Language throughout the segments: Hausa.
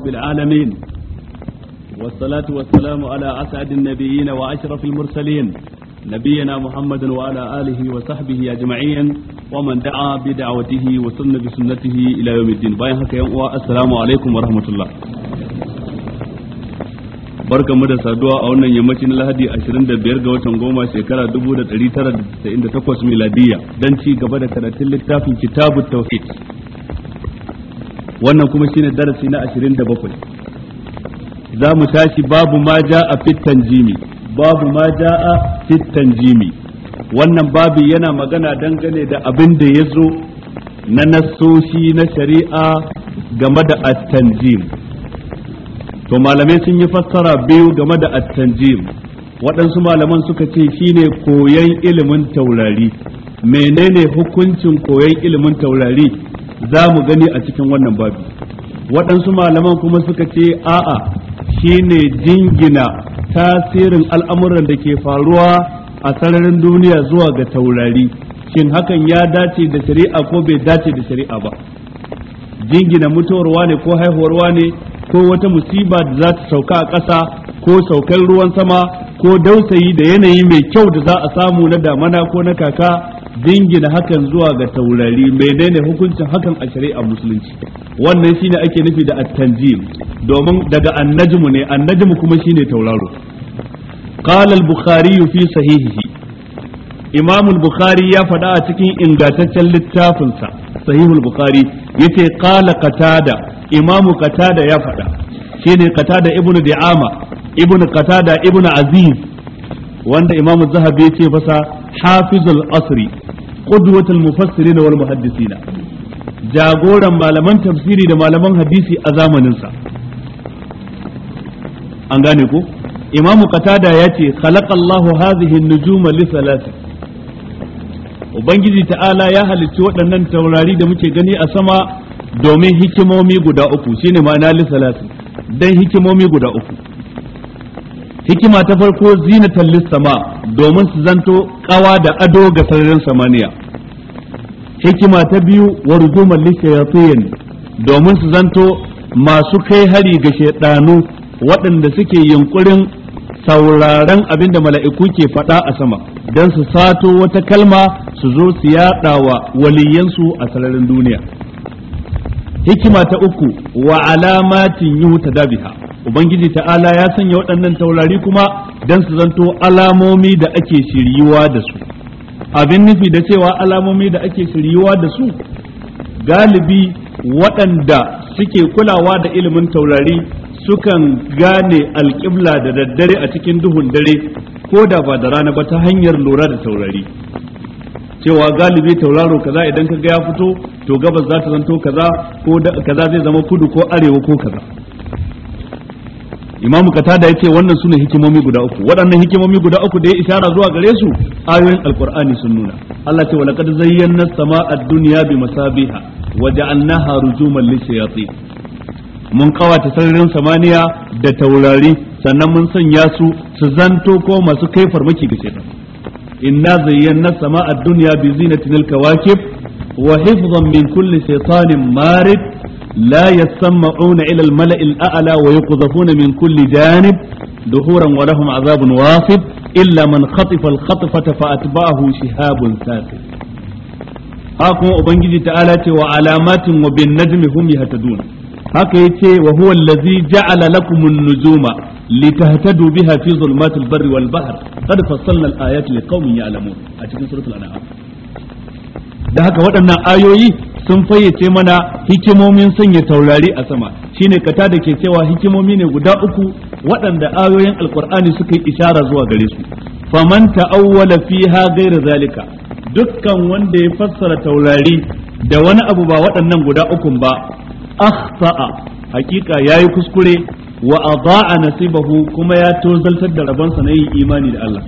رب العالمين والصلاة والسلام على أسعد النبيين وأشرف المرسلين نبينا محمد وعلى آله وصحبه أجمعين ومن دعا بدعوته وسن بسنته إلى يوم الدين باين هكا السلام عليكم ورحمة الله barkan mu da saduwa a wannan yammacin lahadi 25 ga watan goma shekara 1998 miladiya don ci gaba da karatun littafin kitabut tauhid wannan kuma shine darasi na 27 za mu tashi babu ma ja'a fitan jimi. babu ma ja'a fitan jimi. wannan babu yana magana dangane da abin da ya zo na nasoshi na shari'a game da attan-jim. to malamai sun yi fassara biyu game da attan-jim. waɗansu malaman suka ce shine koyon ilimin taurari menene hukuncin koyon ilimin taurari za mu gani a cikin wannan babu waɗansu malaman kuma suka ce a'a shine jingina tasirin al'amuran da ke faruwa a sararin duniya zuwa ga taurari shin hakan ya dace da shari'a ko bai dace da shari'a ba jingina mutuwarwa ne ko haihuwarwa ne ko wata musiba da za ta sauka a ƙasa ko saukar ruwan sama ko dausayi da yanayi mai kyau da za a samu na damana ko na kaka dingina hakan zuwa ga taurari menene hukuncin hakan a shari'a musulunci wannan shine ake nufi da at-tanjim domin daga annajmu ne annajmu kuma shine tauraro qala al-bukhari fi sahihihi imam al-bukhari ya faɗa a cikin ingantaccen littafinsa sahihul bukhari yace qala qatada imam qatada ya faɗa shine qatada ibnu di'ama ibnu qatada ibnu aziz wanda imam zahabi yace ce fasa hafizul asri mufassiri qudwatul mufassirin muhaddisi na, jagoran malaman tafsiri da malaman hadisi a zamaninsa an gane ko imamu qatada ya ce khalaqallahu hadhihi an-nujuma li thalathah ubangiji ta'ala ya halicci waɗannan taurari da muke gani a sama domin hikimomi guda uku shine ma'ana li thalathah dan hikimomi guda uku hikima ta farko zinatan lissama domin su zanto kawa da ado ga sararin samaniya hikima ta biyu wa rujuman lishayatin domin su zanto masu kai hari ga shaidanu waɗanda suke yunkurin sauraren abinda da mala'iku ke faɗa a sama don su sato wata kalma su zo su yaɗa wa waliyansu a sararin duniya hikima ta uku wa alamatin yi ta dabiha ubangiji ta'ala ya sanya waɗannan taurari kuma don su zanto alamomi da ake shiryuwa da su abin nufi da cewa alamomi da ake shiryuwa da su galibi waɗanda suke kulawa da ilimin taurari sukan gane alƙibla da daddare a cikin duhun dare ko da ba da rana ba ta hanyar lura da taurari cewa galibi tauraro kaza idan ka ga ya fito to gabas za ta zanto kaza ko kaza zai zama kudu ko arewa ko kaza imam qatada yace wannan sune hikimomi guda uku waɗannan hikimomi guda uku da ya isara zuwa gare su ayoyin alqur'ani sun nuna Allah ce walaqad zayyana as dunya bi masabiha wa ja'alnaha rujuman lishayatin mun kawata sararin samaniya da taurari sannan mun sanya su su zanto ko masu kai farmaki ga shaitan inna zayyana as dunya bi zinatin al-kawakib wa hifzan min kulli shaytanin marid لا يسمعون إلى الملأ الأعلى ويقذفون من كل جانب دهورا ولهم عذاب واصب إلا من خطف الخطفة فأتبعه شهاب ثاقب أقوم أبنجي تعالى وعلامات najmi هم يهتدون haka ya ce wa huwa allazi ja'ala lakum an-nujuma litahtadu biha fi zulmatil barri wal bahr qad fassalna al-ayati liqaumin ya'lamun a cikin suratul an'am da haka waɗannan ayoyi sun fayyace mana hikimomin sanya taurari a sama shine kata da ke cewa hikimomi ne guda uku waɗanda ayoyin alkur'ani suka yi ishara zuwa gare su faman ta'awwala fiha ghaira zalika dukkan wanda ya fassara taurari da wani abu ba waɗannan guda ukun ba akhta'a hakika yayi kuskure wa adaa nasibahu kuma ya tozaltar da rabansa na yin imani da Allah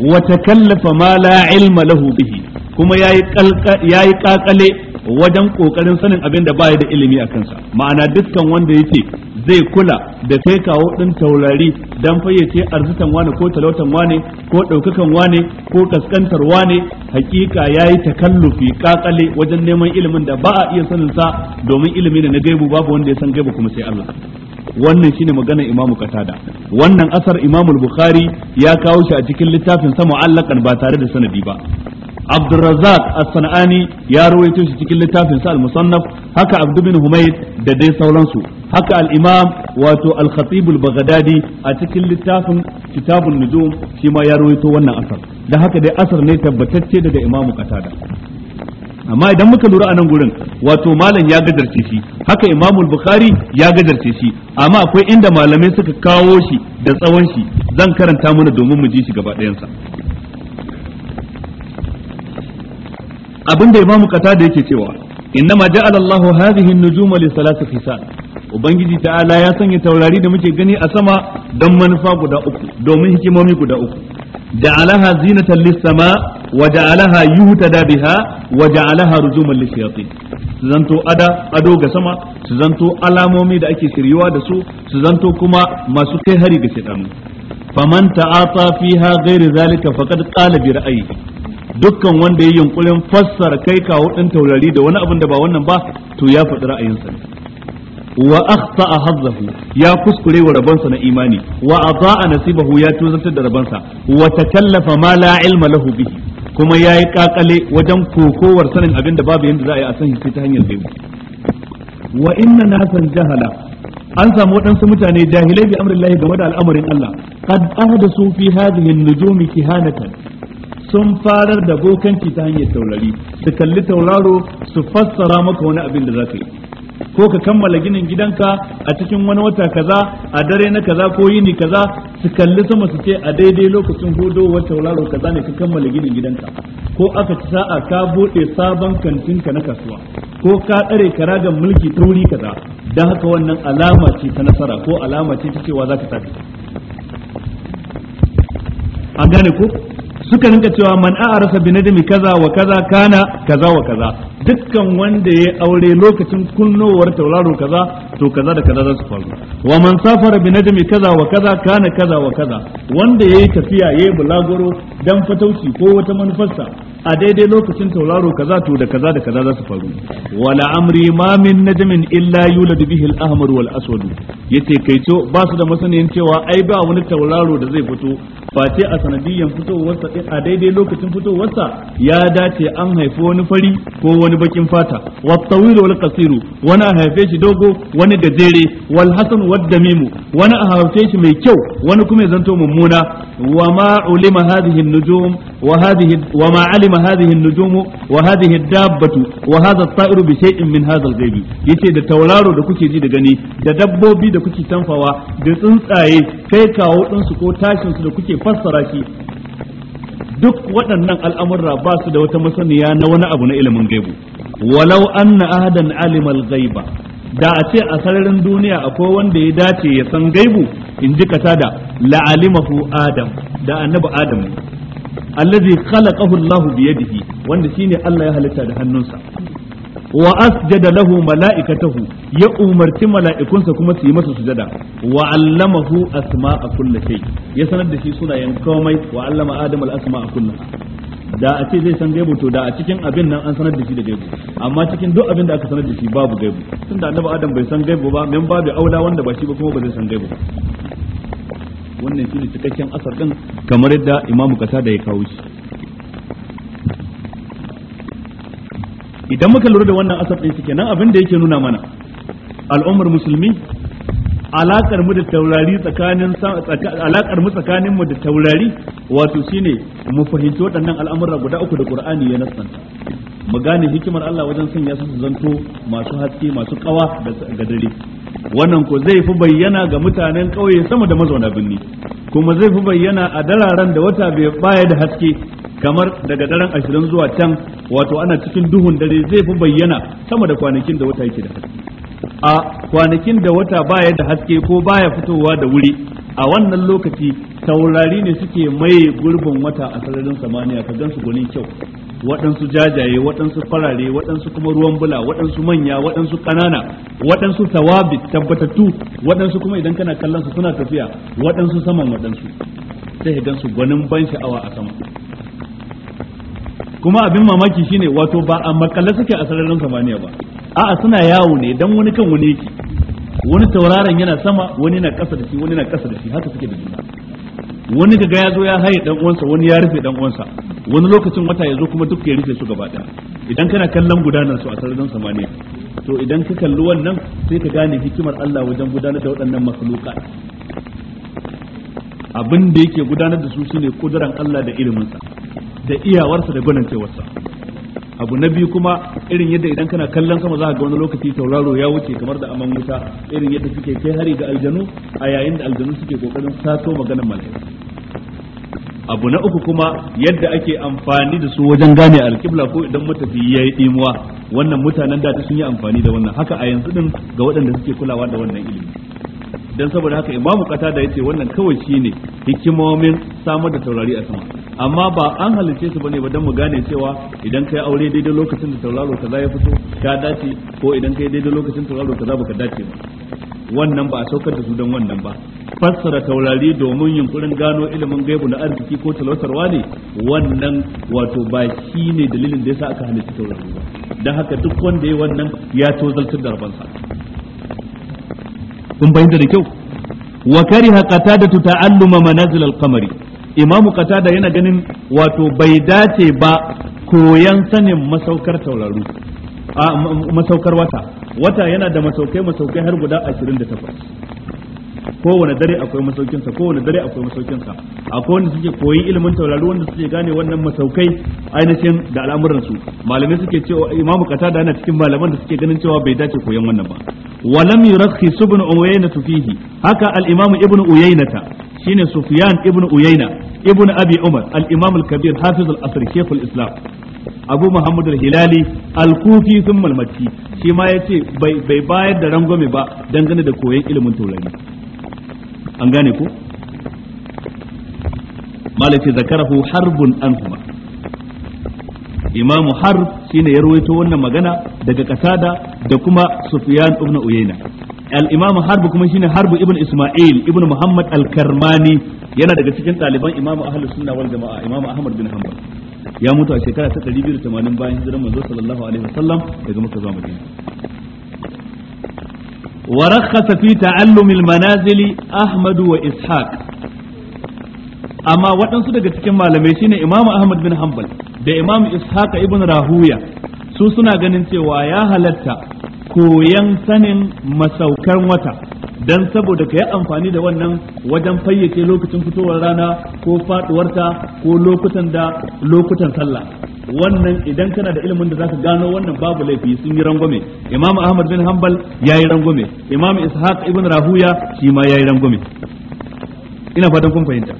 wa takallafa ma la ilma lahu bihi kuma yayi kalka yayi kakale wajen kokarin sanin abin da baya da ilimi a kansa ma'ana dukkan wanda yake zai kula da kai kawo din taurari dan fayyace arzikan wane ko talautan wane ko daukakan wane ko kaskantar wane hakika yayi takallufi kakale wajen neman ilimin da ba a iya sanin sa domin ilimi ne na gaibu babu wanda ya san gaibu kuma sai Allah wannan shine maganar imamu katada wannan asar imamu bukhari ya kawo shi a cikin littafin sa mu'allaqan ba tare da sanadi ba Abdurrazzaq As-Sanani ya rawaito shi cikin littafin sa al haka Abd bin da dai sauransu haka al wato Al-Khatib a cikin littafin Kitabun Nujum shi ya rawaito wannan asar da haka dai asar ne tabbatacce daga Imam Qatada amma idan muka lura a nan gurin wato malam ya gadarce shi haka imam'u bukhari ya gadarce shi amma akwai inda malamai suka kawo shi da tsawon shi zan karanta mana domin mu ji shi gaba ɗayansa abinda imamu kata da yake cewa innama ja'ala Allahu hadhihi an-nujuma li salati fisan ubangiji ta'ala ya sanya taurari da muke gani a sama don manufa guda uku domin hikimomi guda uku ja'alaha zinatan lis-sama wa ja'alaha yuhtada biha wa ja'alaha rujuman lish-shayatin su zanto ada ado ga sama su zanto alamomi da ake shiryuwa da su su zanto kuma masu kai hari ga shaytanu faman ta'ata fiha ghairi zalika faqad qala bi ra'ayi dukkan wanda ya yunkurin fassara kai kawo ɗin taurari da wani abin da ba wannan ba to ya faɗi ra'ayinsa wa akhta'a hazzahu ya kuskure wa rabansa na imani wa adaa nasibahu ya tuzartar da rabansa wa takallafa ma la ilma lahu bihi kuma yayi kakale wajen kokowar sanin abin da babu yanda za a yi a san shi ta hanyar gaibu wa inna nasan jahala an samu waɗansu mutane jahilai bi amrillahi game da al'amarin Allah qad ahdasu fi hadhihi an-nujumi kihanatan sun farar da bokanci ta hanyar taurari su kalli tauraro su fassara maka wani abin da za ka yi ko ka kammala ginin gidanka a cikin wani wata kaza a dare na kaza ko yini kaza su kalli sama su ce a daidai lokacin hudowar tauraro kaza ne ka kammala ginin gidanka ko aka ci sa'a ka bude sabon kantinka na kasuwa ko ka tsare karagan mulki ta wuri kaza dan haka wannan alama ce ta nasara ko alama ce ta cewa za ka tafi an gane ko suka rinka cewa man arasa bi nadmi kaza wa kaza kana kaza wa kaza dukkan wanda ya aure lokacin kunnowar tauraro kaza to kaza da kaza za su faru wa man safara bi nadmi kaza wa kaza kana kaza wa kaza wanda yayi tafiya yayi bulagoro dan fatauci ko wata manufarsa a daidai lokacin tauraro kaza to da kaza da kaza za su faru wala amri ma min najmin illa yulad bihi al-ahmar wal aswad yace to ba su da masaniyan cewa ai ba wani tauraro da zai fito face a sanadiyan fitowarsa lokacin a daidai lokacin fitowarsa ya dace an haifi wani fari ko wani bakin fata wattawil wal qasiru wani a haife shi dogo wani gajere wal hasan wad damimu wani a haife shi mai kyau wani kuma ya zanto mummuna wa ma ulima hadhihi an-nujum wa hadhihi wa ma alima hadhihi nujum wa hadhihi dabbatu wa hadha at-ta'iru bi shay'in min hadha al-ghayb yace da tauraro da kuke ji da gani da dabbobi da kuke tamfawa da tsuntsaye kai kawo ɗinsu ko tashinsu da kuke fassara shi duk waɗannan al'amurra ba su da wata masaniya na wani abu na ilimin gaibu walau anna ahadan alimal gaiba da a ce a sararin duniya akwai wanda ya dace ya san gaibu in ji da la'alimahu adam da annabi adam allazi khalaqahu Allah bi yadihi wanda shine Allah ya halitta da hannunsa wa asjada lahu mala'ikatahu ya umarci mala'ikunsa kuma su yi masa sujada wa allamahu asma'a kulli shay ya sanar da shi sunayen komai wa allama adam al asma'a kulli da a ce zai san gaibu to da a cikin abin nan an sanar da shi da gaibu amma cikin duk abin da aka sanar da shi babu gaibu tunda annabi adam bai san gaibu ba men babu aula wanda ba shi ba kuma ba zai san gaibu wannan wannan ne cikakken asar din kamar yadda imamu kasa da ya kawo shi idan muka lura da wannan asar ɗin shi nan abin da yake nuna mana al'ummar musulmi alakar mu da taurari tsakanin mu da taurari wato shine mu fahimci waɗannan al'amurra guda uku da Qur'ani ya nasan. mu gane hikimar Allah wajen sanya su zanto masu haske masu ƙawa ga dare wannan ko zai fi bayyana ga mutanen ƙauye sama da mazauna birni kuma zai fi bayyana a dararen da wata bai baya da haske kamar daga daren ashirin zuwa can wato ana cikin duhun dare zai fi bayyana sama da kwanakin da wata yake da haske a kwanakin da wata baya da haske ko baya fitowa da wuri a wannan lokaci taurari ne suke mai gurbin wata a sararin samaniya ka gansu gwanin kyau waɗansu jajaye waɗansu farare waɗansu kuma ruwan bula waɗansu manya waɗansu ƙanana waɗansu tawabi tabbatattu waɗansu kuma idan kana kallon su suna tafiya waɗansu saman waɗansu sai ka gansu gwanin ban sha'awa a sama kuma abin mamaki shine wato ba a makalle suke a sararin samaniya ba a'a suna yawo ne dan wani kan wani yake wani tauraron yana sama wani na ƙasa da shi wani na ƙasa da shi haka suke da juna wani kaga ya zo ya haye dan uwansa wani ya rufe dan uwansa wani lokacin wata ya zo kuma duk ya rufe su gaba daya idan kana kallon gudanar su a sararin samaniya to idan ka kalli wannan sai ka gane hikimar Allah wajen gudanar da waɗannan makhluka abin da yake gudanar da su shine kuduran Allah da sa da iyawarsa da gwanincewarsa abu na biyu kuma irin yadda idan kana kallon sama za ga wani lokaci tauraro ya wuce kamar da aman wuta irin yadda suke kai hari ga aljanu a yayin da aljanu suke kokarin sato maganar mala'ika abu na uku kuma yadda ake amfani da su wajen gane alkibla ko idan matafi ya yi dimuwa wannan mutanen da sun yi amfani da wannan haka a yanzu din ga waɗanda suke kulawa da wannan ilimi dan saboda haka imamu da yace wannan kawai ne hikimomin samar da taurari a sama amma ba an halice su bane ba dan mu gane cewa idan kai aure daidai lokacin da tauraro kaza ya fito ka dace ko idan kai daidai lokacin tauraro kaza baka dace ba wannan ba a saukar da su dan wannan ba fassara taurari domin yunkurin gano ilimin gaibu na arziki ko talautarwa ne wannan wato ba shi ne dalilin da ya sa aka halitta taurari ba dan haka duk wanda ya wannan ya tozaltar da rabansa kun fahimta da kyau wa kariha qatadatu ta'alluma manazil al-qamari imamu qatada yana ganin wato bai dace ba koyan sanin masaukar a masaukar wata wata yana da masaukai masaukai har guda 28 kowane dare akwai masaukin sa kowane dare akwai masaukin sa akwai wanda suke koyi ilimin taurari wanda suke gane wannan masaukai ainihin da al'amuran su malamai suke cewa imamu da yana cikin malaman da suke ganin cewa bai dace koyon wannan ba walam yurakhis ibn umayna fihi haka al-imam ibn uyaynata shine sufyan ibn Uyaina ibn abi umar al-imam al-kabir hafiz al-asr shaykh al-islam abu muhammad al-hilali al-kufi thumma al-makki shi ma yace bai bayar da rangwame ba dangane da koyon ilimin taurari an gane ko malaki zakarahu harbun imamu harb shine ya wannan magana daga katada da kuma sufyan ibn uyayna imam harb kuma shine harb ibn isma'il ibn muhammad al-karmani cikin ɗaliban imamu ahlus sunna wal ahmad bin hanbal ya mutu a shekara ta 280 bayan hijirar manzo sallallahu alaihi wasallam ورخص في تعلم Ahmadu wa وإسحاق amma waɗansu daga cikin malamai shine Imam Ahmad bin Hanbal da Imam Ishaq ibn Rahuya su suna ganin cewa ya halatta koyan sanin masaukar wata dan saboda ka yi amfani da wannan wajen fayyace lokacin fitowar rana ko faduwarta ko lokutan da lokutan sallah wannan idan kana da ilimin da zaka gano wannan babu laifi sun yi rangwame imam ahmad bin hanbal yayi rangwame imam ishaq ibn rahuya shi ma yayi rangwame ina fatan kun fahimta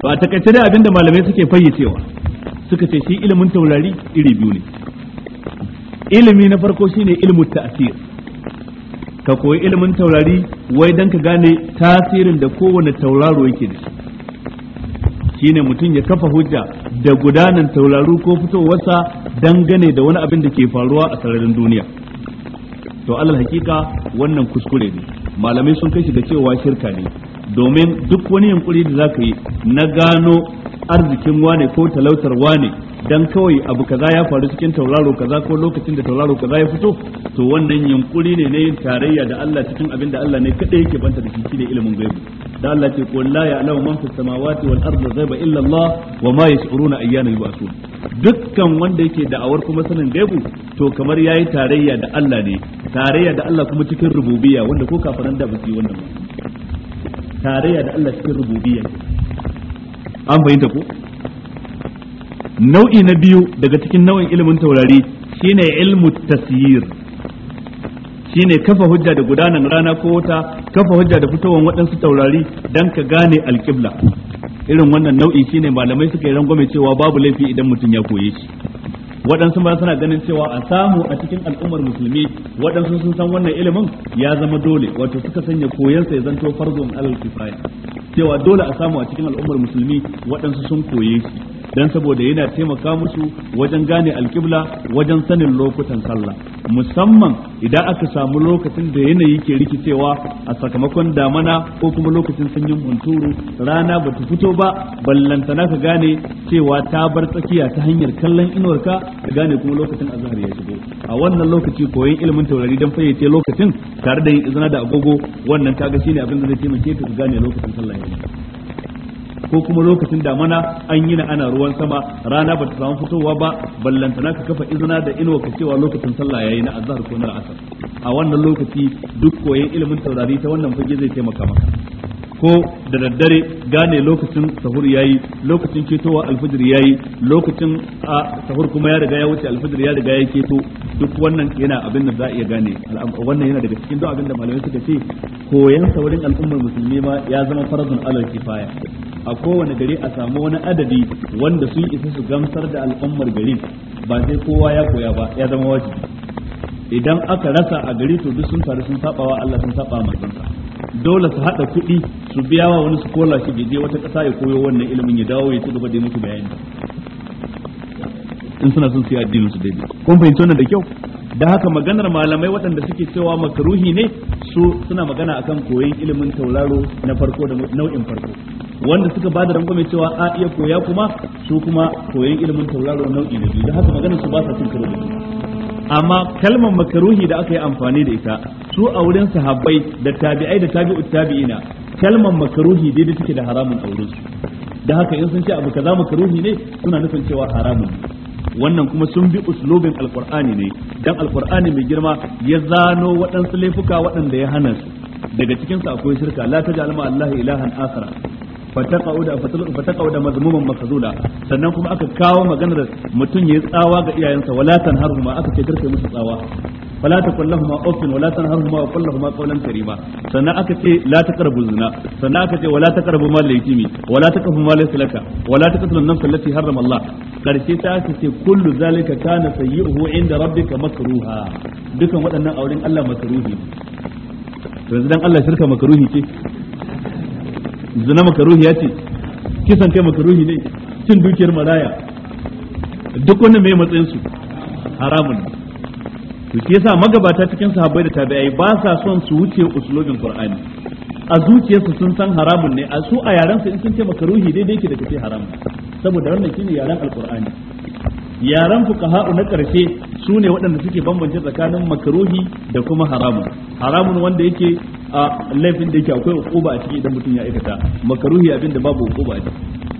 to a takaice dai abinda malamai suke fayyacewa suka ce shi ilimin taurari iri biyu ne ilimi na farko shine ilimin ta'sir ka koyi ilimin taurari wai dan ka gane tasirin da kowane tauraro yake da shi shine mutum ya kafa hujja da gudanan tauraru ko fitowarsa dangane da wani abin da ke faruwa a sararin duniya to alal hakika wannan kuskure ne malamai sun kai shi da cewa shirka ne domin duk wani yankuri da za ka yi na gano arzikin wane ko talautar wane dan kawai abu kaza ya faru cikin tauraro kaza ko lokacin da tauraro kaza ya fito to wannan yunkuri ne na yin tarayya da Allah cikin abin da Allah ne kadai yake banta da shi ilimin gaibi da Allah ce qul la alamu man fi samawati wal ardi ghaiba illa Allah wa ma yash'uruna ayyana yub'asun dukkan wanda yake da'awar kuma sanin gaibi to kamar yayi tarayya da Allah ne tarayya da Allah kuma cikin rububiyya wanda ko kafaran da ba yi wannan ba tarayya da Allah cikin rububiyya an bayyana ko nau'i na biyu daga cikin nau'in ilimin taurari shine ilmu tasyir shine kafa hujja da gudanar rana ko wata kafa hujja da fitowar waɗansu taurari dan ka gane alƙibla irin wannan nau'i shine malamai suka yi rangwame cewa babu laifi idan mutum ya koye shi waɗansu ba suna ganin cewa a samu a cikin al'ummar musulmi waɗansu sun san wannan ilimin ya zama dole wato suka sanya koyansa ya zanto farzon alal kifaya cewa dole a samu a cikin al'ummar musulmi waɗansu sun koye shi dan saboda yana taimaka musu wajen gane alkibla wajen sanin lokutan sallah musamman idan aka samu lokacin da yanayi ke rikicewa a sakamakon damana ko kuma lokacin sanyin hunturu rana bata fito ba ballantana ka gane cewa ta bar tsakiya ta hanyar kallon inuwarka ka gane kuma lokacin azhar ya shigo a wannan lokaci koyon ilimin taurari dan fayyace lokacin tare da yin izina da agogo wannan kaga shine abin da zai taimake ka gane lokacin sallah ya ko kuma lokacin damana an yi na ana ruwan sama rana ba ta samu fitowa ba ballantana ka kafa izina da inuwa ka cewa lokacin sallah yayi na azhar ko na asar a wannan lokaci duk koyon ilimin taurari ta wannan fage zai taimaka maka ko da daddare gane lokacin sahur yayi lokacin ketowa alfajir yayi lokacin a sahur kuma ya riga ya wuce alfajir ya riga ya keto duk wannan yana abin da za a iya gane wannan yana daga cikin duk abin da malamai suka ce koyan saurin al'ummar musulmi ma ya zama farzun alal kifaya a kowane gari a samu wani adadi wanda sun isa su gamsar da al'ummar garin ba sai kowa ya koya ba ya zama wajibi idan aka rasa a gari to duk sun taru sun sabawa Allah sun saba manzon dole su hada kuɗi su biya wa wani scholarship shi je wata ƙasa ya koyo wannan ilimin ya dawo ya ci gaba da musu bayani in suna son su yi addinin su daidai kun fahimci wannan da kyau da haka maganar malamai waɗanda suke cewa makaruhi ne su suna magana akan koyon ilimin tauraro na farko da nau'in farko wanda suka bada rangwame cewa a iya koya kuma su kuma koyon ilimin tauraro nau'i na biyu da haka maganar su ba sa cin karo da amma kalmar makaruhi da aka yi amfani da ita su a wurin sahabbai da tabi'ai da tabi'u tabi'ina kalmar makaruhi daidai take da haramun auren su da haka in sun ce abu kaza makaruhi ne suna nufin cewa haramun wannan kuma sun bi uslubin alqur'ani ne dan alqur'ani mai girma ya zano waɗansu laifuka waɗanda ya hana su daga cikin su akwai shirka la taj'al ma ilahan akhara fataqauda fataqauda mazmuman makzula sannan kuma aka kawo maganar mutum yayi tsawa ga iyayensa wala tanharhuma aka ce karkai musu tsawa fala takullahuma uffin wala tanharhuma wa kullahuma qawlan karima sannan aka ce la taqrabu zina sannan aka ce wala taqrabu mal laytimi wala taqrabu mal laka wala taqtulu an-nafs allati harrama Allah karshe ta aka ce kullu zalika kana sayyi'uhu inda rabbika makruha dukan waɗannan auren Allah makruhi to yanzu dan Allah shirka makruhi ce zina makaruhi ya ce kisan kai makaruhi ne cin dukiyar maraya duk wannan mai matsayin su haramun to shi yasa magabata cikin sahabbai da tabi'ai ba sa son su wuce usulobin qur'ani a zuciyarsu sun san haramun ne a su a yaran su in sun ce makaruhi daidai ke da kace haramun saboda wannan shine yaran alqur'ani yaran fuqaha'u na karshe su ne waɗanda suke bambance tsakanin makaruhi da kuma haramun haramun wanda yake a laifin da yake akwai hukuba a ciki idan mutum ya aikata makaruhi abin da babu hukuba a ciki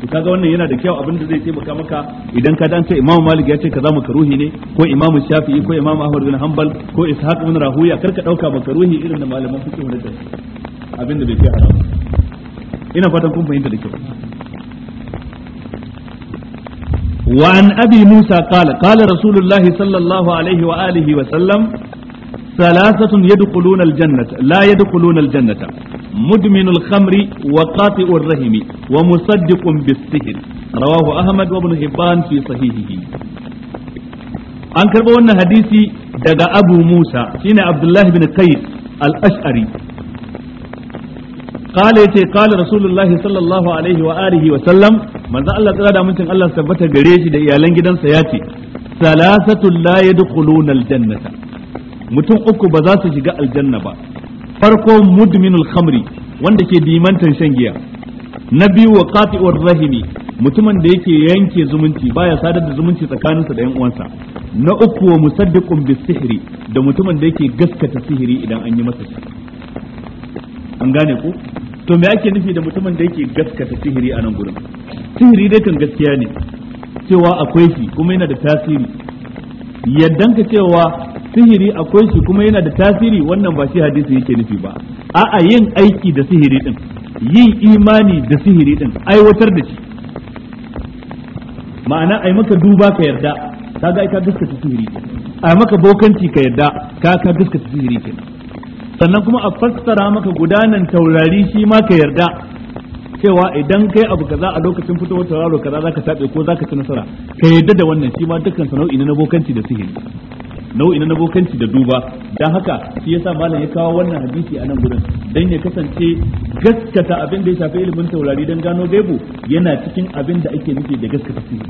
to kaga wannan yana da kyau abin da zai taimaka maka idan ka danta Imam Malik ya ce kaza makaruhi ne ko Imam Shafi'i ko Imam Ahmad bin Hanbal ko Ishaq bin Rahuya karka dauka makaruhi irin da malaman suke wani abin da bai kai haramun ina fatan kun fahimta da kyau وعن أبي موسى قال قال رسول الله صلى الله عليه وآله وسلم ثلاثة يدخلون الجنة لا يدخلون الجنة مدمن الخمر وقاطئ الرحم ومصدق بالسحر رواه أحمد وابن حبان في صحيحه أنكر بأن حديثي دقى أبو موسى سين عبد الله بن قيس الأشعري ya ce qala rasulullahi sallallahu alaihi wa alihi wa sallam manzo Allah tsara da mutun Allah tabbata gare shi da iyalan gidansa ya salasatul la yadkhuluna aljannata mutum uku ba za su shiga aljanna ba farko mudminul khamri wanda ke dimantan shan giya na biyu wa qati'ur rahimi mutumin da yake yanke zumunci baya sadar da zumunci tsakaninsa da yan uwansa na uku wa musaddiqun bisihri da mutumin da yake gaskata sihiri idan an yi masa shi an gane ku to me ake nufi da mutumin da yake gaskata sihiri a nan gurin sihiri dai kan gaskiya ne cewa akwai shi kuma yana da tasiri yaddan ka cewa sihiri akwai shi kuma yana da tasiri wannan ba shi hadisi yake nufi ba a'a yin aiki da sihiri din yin imani da sihiri din aiwatar da shi ma'ana ai maka duba ka yarda kaga ai ka gaskata sihiri ai maka bokanci ka yarda ka ka gaskata sihiri kenan sannan kuma a fassara maka gudanan taurari shi ma ka yarda cewa idan kai abu kaza a lokacin fitowar tauraro kaza zaka tabe ko zaka ci nasara ka yarda da wannan shi ma dukkan sa nau'i na bokanci da sihiri nau'i na bokanci da duba dan haka shi yasa malam ya kawo wannan hadisi a nan gurin dan ya kasance gaskata abin da ya shafi ilimin taurari dan gano gaibu yana cikin abin da ake nufi da gaskata sihiri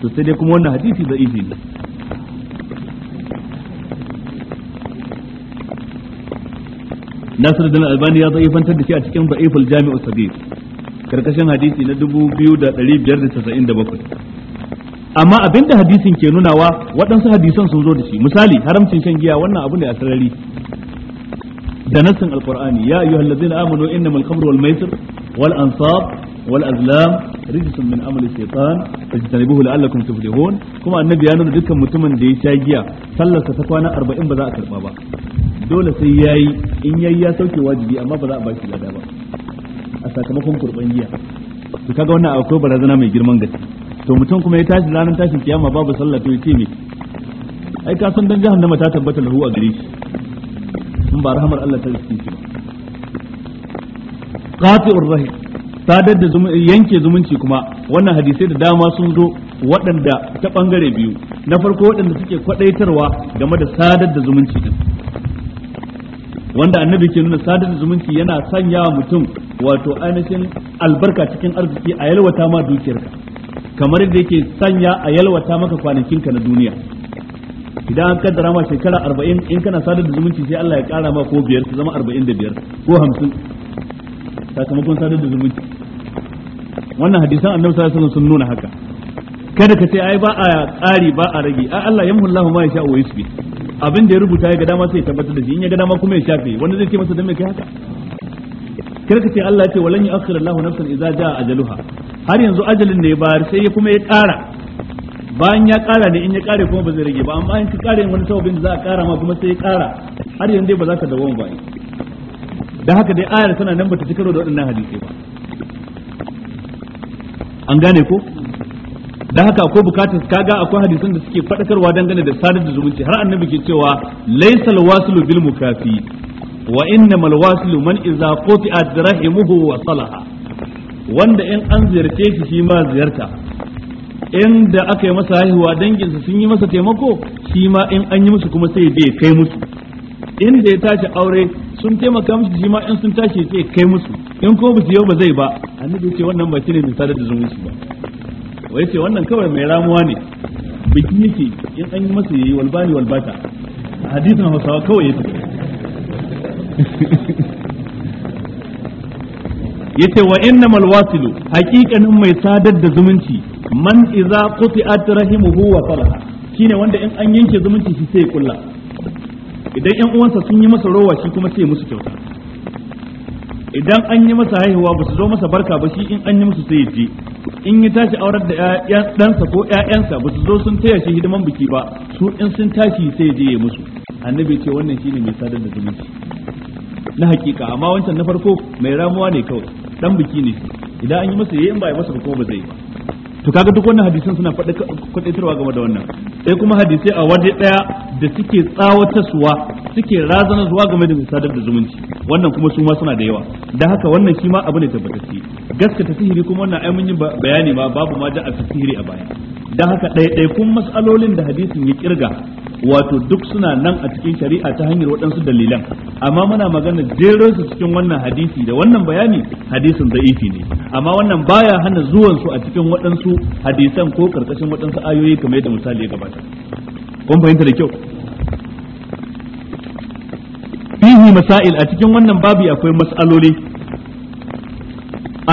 to sai dai kuma wannan hadisi da izini Nasiru Nasiruddin Albani ya zai fantar da shi a cikin ba'iful Jami'u Sabir karkashin hadisi na 2597 amma abinda hadisin ke nunawa waɗansu hadisan sun zo da shi misali haramcin shan giya wannan abu ne a sarari da nassin alqur'ani ya ayyuhallazina amanu innamal khamru wal maisir wal ansab wal azlam rijsun min amali shaytan fajtanibuhu la'allakum tuflihun kuma annabi ya nuna duka mutumin da ya sha giya sallarsa ta kwana arba'in ba za a karba ba dole sai yayi in yayi ya sauke wajibi amma ba za a ba shi lada ba a sakamakon kurban giya to kaga wannan akwai barazana mai girman gaske to mutum kuma ya tashi ranar tashin kiyama babu sallah to yace me ai ka san dan jahannama ta tabbata lahu a gare shi in ba rahamar Allah ta riske ba qati'ur rahim sadar da yanke zumunci kuma wannan hadisai da dama sun zo waɗanda ta ɓangare biyu na farko waɗanda suke kwaɗaitarwa game da sadar da zumunci din wanda annabi ke nuna sadar da zumunci yana sanya wa mutum wato ainihin albarka cikin arziki a yalwata ma dukiyarka kamar yadda yake sanya a yalwata maka kwanakinka na duniya idan an kaddara ma shekara arba'in in kana sadar da zumunci sai Allah ya kara ma ko biyar su zama arba'in da biyar ko hamsin sakamakon sadar da zumunci wannan hadisan annabi sallallahu alaihi wasallam sun nuna haka kada ka ce ai ba a tsari ba a rage a Allah yamhu Allahu ma yasha wa yusbi abin da ya rubuta ya ga dama sai ya tabbatar da shi in ya ga dama kuma ya shafe wanda zai ce masa dan me kai haka kada ka ce Allah ya ce walan yu'akhkhir Allahu nafsan idza jaa ajaluha har yanzu ajalin ne ba sai kuma ya ƙara bayan ya ƙara ne in ya ƙare kuma ba zai rage ba amma in ka ƙare wani sababin da za a ƙara ma kuma sai ya ƙara har yanzu dai ba za ka dawo ba da haka dai ayar tana nan bata ci da waɗannan hadisai ba an gane ko da haka akwai bukatar kaga akwai hadisan da suke fadakarwa dangane da sadar da zumunci har annabi ke cewa laysal wasilu bil mukafi wa innamal wasilu man idza quti'at rahimuhu wa salaha wanda in an ziyarce shi shi ma ziyarta inda aka yi masa haihuwa danginsa sun yi masa taimako shi ma in an yi musu kuma sai bai kai musu inda ya tashi aure sun taimaka musu shi ma in sun tashi ce kai musu in ko su yau ba zai ba annabi ce wannan ba shine mai sadar da zumunci ba wai ce wannan kawai mai ramuwa ne biki yake in an yi masa yayi walbani walbata a hadisin Hausawa kawai yake yace wa innamal wasilu haqiqanin mai sadar da zumunci man iza quti'at rahimuhu wa salaha shine wanda in an yanke zumunci shi sai ya idan ƴan uwansa sun yi masa rowa shi kuma sai musu kyauta idan an yi masa haihuwa ba su zo masa barka ba shi in an yi musu sai ya je in ya tashi aurar da ɗansa ko ƴaƴansa ba su zo sun taya shi hidiman biki ba su in sun tashi sai ya je ya musu annabi ce wannan shine mai sadar da zumunci na hakika amma wancan na farko mai ramuwa ne kawai dan biki ne idan an yi masa yayin ba ya masa ba kuma ba zai ba to kaga duk wannan hadisan suna faɗi kwadaitarwa game da wannan sai kuma hadisai a waje ɗaya da suke suwa suke razana zuwa game da misadar da zumunci wannan kuma su ma suna da yawa Da haka wannan shi ma abu ne tabbatacce gaskata sihiri kuma wannan ai mun yi bayani ma babu ma da a sihiri a baya Da haka kun matsalolin da hadisin ya kirga wato duk suna nan a cikin shari'a ta hanyar waɗansu dalilan amma muna magana jerin su cikin wannan hadisi da wannan bayani hadisin da'ifi ne amma wannan baya hana zuwansu a cikin waɗansu hadisan ko karkashin waɗansu ayoyi kamar yadda misali ya gabata kun fahimta da kyau fihi masail a cikin wannan babu akwai mas'aloli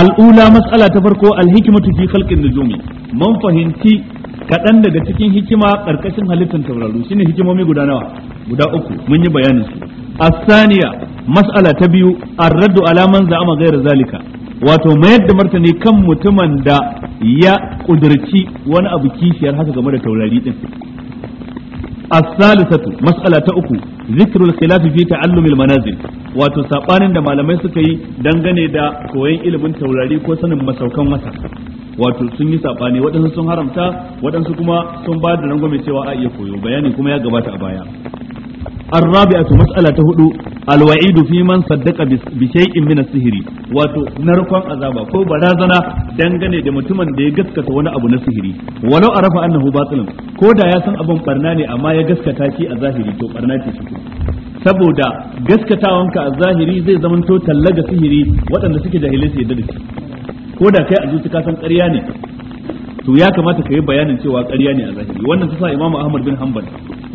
al'ula mas'ala ta farko alhikimatu fi khalqin nujumi mun fahimci kaɗan daga cikin hikima ƙarƙashin halittar shi ne hikimomi guda nawa guda uku mun yi bayanin su asaniya mas'ala ta biyu an raddu alaman za'ama ghayra zalika wato mayar da martani kan mutumin da ya kudurci wani abu kishiyar haka game da taurari din as-salisatu mas'ala ta uku al-khilaf fi al manazil wato sabanin da malamai suka yi dangane da koyon ilimin taurari ko sanin masaukan wata wato sun yi sabani waɗansu sun haramta waɗansu kuma sun ba da rangwame cewa a iya koyo bayani kuma ya gabata a baya الرابعة مسألة هدو الوعيد في من صدق بشيء من السهري واتو نرقم أذابا كو برازنا دنغني دي متمن دي غسكت وانا أبو نسهري ولو عرف أنه باطل كو دا يسن ابن برناني اما يغسكتا شي الظاهري تو برناتي شكو saboda gaskatawanka a zahiri zai zamanto talla ga sihiri waɗanda suke jahilai su yadda da shi ko da kai to ya kamata ka yi bayanin cewa ƙarya ne a zahiri wannan ta sa imamu ahmad bin hanbal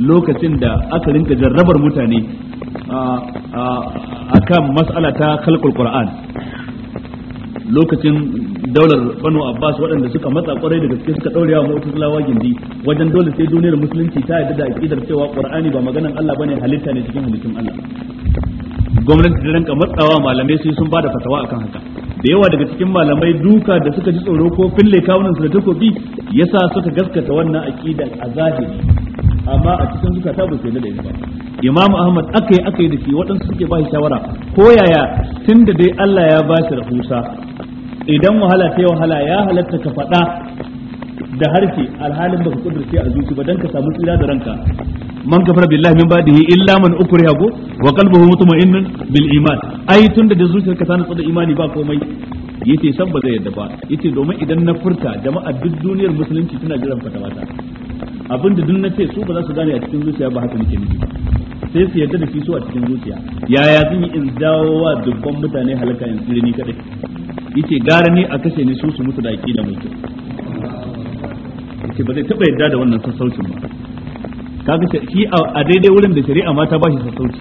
lokacin da aka rinka jarrabar mutane a kan mas'ala ta kalkul qur'an lokacin daular banu abbas waɗanda suka matsa kwarai da gaske suka ɗaure wa zulawa gindi wajen dole sai duniyar musulunci ta yarda da aƙidar cewa qur'ani ba maganan Allah bane halitta ne cikin halittun Allah gwamnati ta rinka matsawa malamai sai sun bada fatawa akan haka da yawa daga cikin malamai duka da suka ji tsoro ko fille kawunan su da takobi yasa suka gaskata wannan aqida a zahiri amma a cikin zukata ba su da ita ba imam ahmad akai akai da shi waɗansu suke ba shi shawara ko yaya tunda dai Allah ya ba shi rahusa idan wahala ta yi wahala ya halatta ka faɗa da harshe alhalin baka kudurce a zuci ba dan ka samu tsira da ranka man kafara billahi min ba'dihi illa man ukriha go wa qalbuhu mutma'innun bil iman ai tunda da zuciyarka ta nutsu da imani ba komai yace san ba zai yadda ba yace domin idan na furta jama'a duk duniyar musulunci tana jiran fatawata abinda duk na ce su ba za su gane a cikin zuciya ba haka nake nufi sai su yarda da shi su a cikin zuciya yaya zan yi in dawo wa dubban mutane halaka in tsire ni kadai yace gara ni a kashe ni su su mutu da aqida mai kyau ce ba zai taba yadda da wannan sassaucin ba kaga shi a daidai wurin da shari'a ma ta bashi sassauci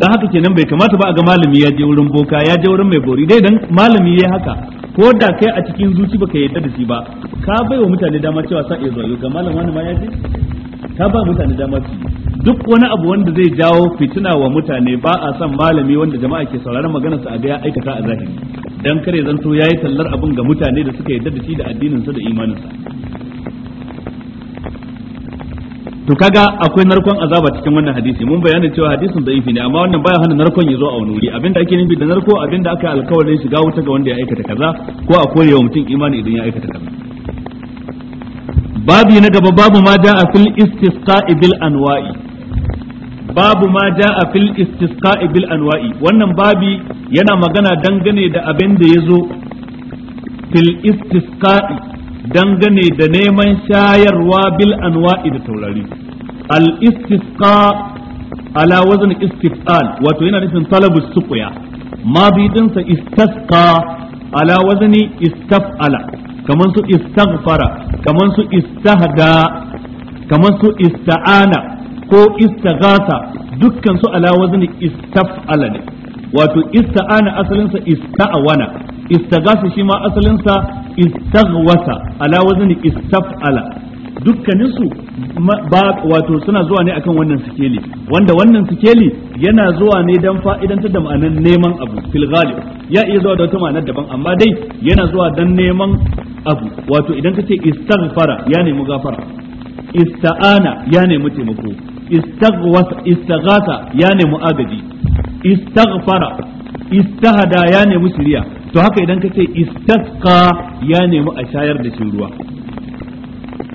dan haka kenan bai kamata ba a ga malami ya je wurin boka ya je wurin mai bori dai dan malami yayi haka ko da kai a cikin zuci baka yadda da shi ba ka bai wa mutane dama cewa sa iya zuwa ga malam wani ma ya je ka ba mutane dama su duk wani abu wanda zai jawo fitina wa mutane ba a son malami wanda jama'a ke sauraron maganarsa a ga ya aikata a zahiri dan kare zanto yayi tallar abin ga mutane da suka yarda da shi da addinin sa da imanin sa to kaga akwai narkon azaba cikin wannan hadisi mun bayanin cewa hadisin da'ifi ne amma wannan baya hana narkon ya zo a wani wuri abinda ake nufi da narko abinda aka alkawarin shiga wuta ga wanda ya aikata kaza ko a korewa mutum imani idan ya aikata kaza babi na gaba babu ma a fil istisqa'i bil anwa'i babu ma a fil istisqa'i bil anwa'i wannan babi yana magana dangane da abin da yazo fil istisqa'i dangane da neman shayarwa bil anwa'i da taurari al istisqa ala wazn istifal wato yana nufin talabu suqya madi din sa istasqa ala wazni istafala kaman su istaghfara kaman su istahda kaman su ista'ana ko istaghasa dukkan su ala wazni istaf'ala ne wato ista'ana asalin sa ista'wana istaghasa shi ma asalin sa istaghwasa ala wazni istaf'ala dukkanin su ba wato suna zuwa ne akan wannan sikeli wanda wannan sikeli yana zuwa ne dan fa'idantar da ma'anar neman abu fil ghalib ya iya zuwa da wata ma'anar daban amma dai yana zuwa dan neman abu wato idan kace istaghfara ya nemi gafara ista'ana ya nemi taimako istaghatha ya nemi agaji istaghfara istahada ya nemi shiriya to haka idan ka ce istasqa ya nemi a shayar da shi ruwa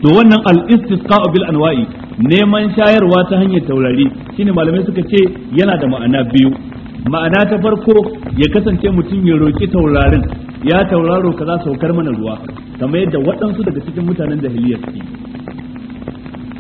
to wannan al-istisqa bil anwa'i neman shayarwa ta hanyar taurari shine malamai suka ce yana da ma'ana biyu ma'ana ta farko ya kasance mutum ya roki taurarin ya tauraro ka kaza saukar mana ruwa kamar yadda waɗansu daga cikin mutanen jahiliya suke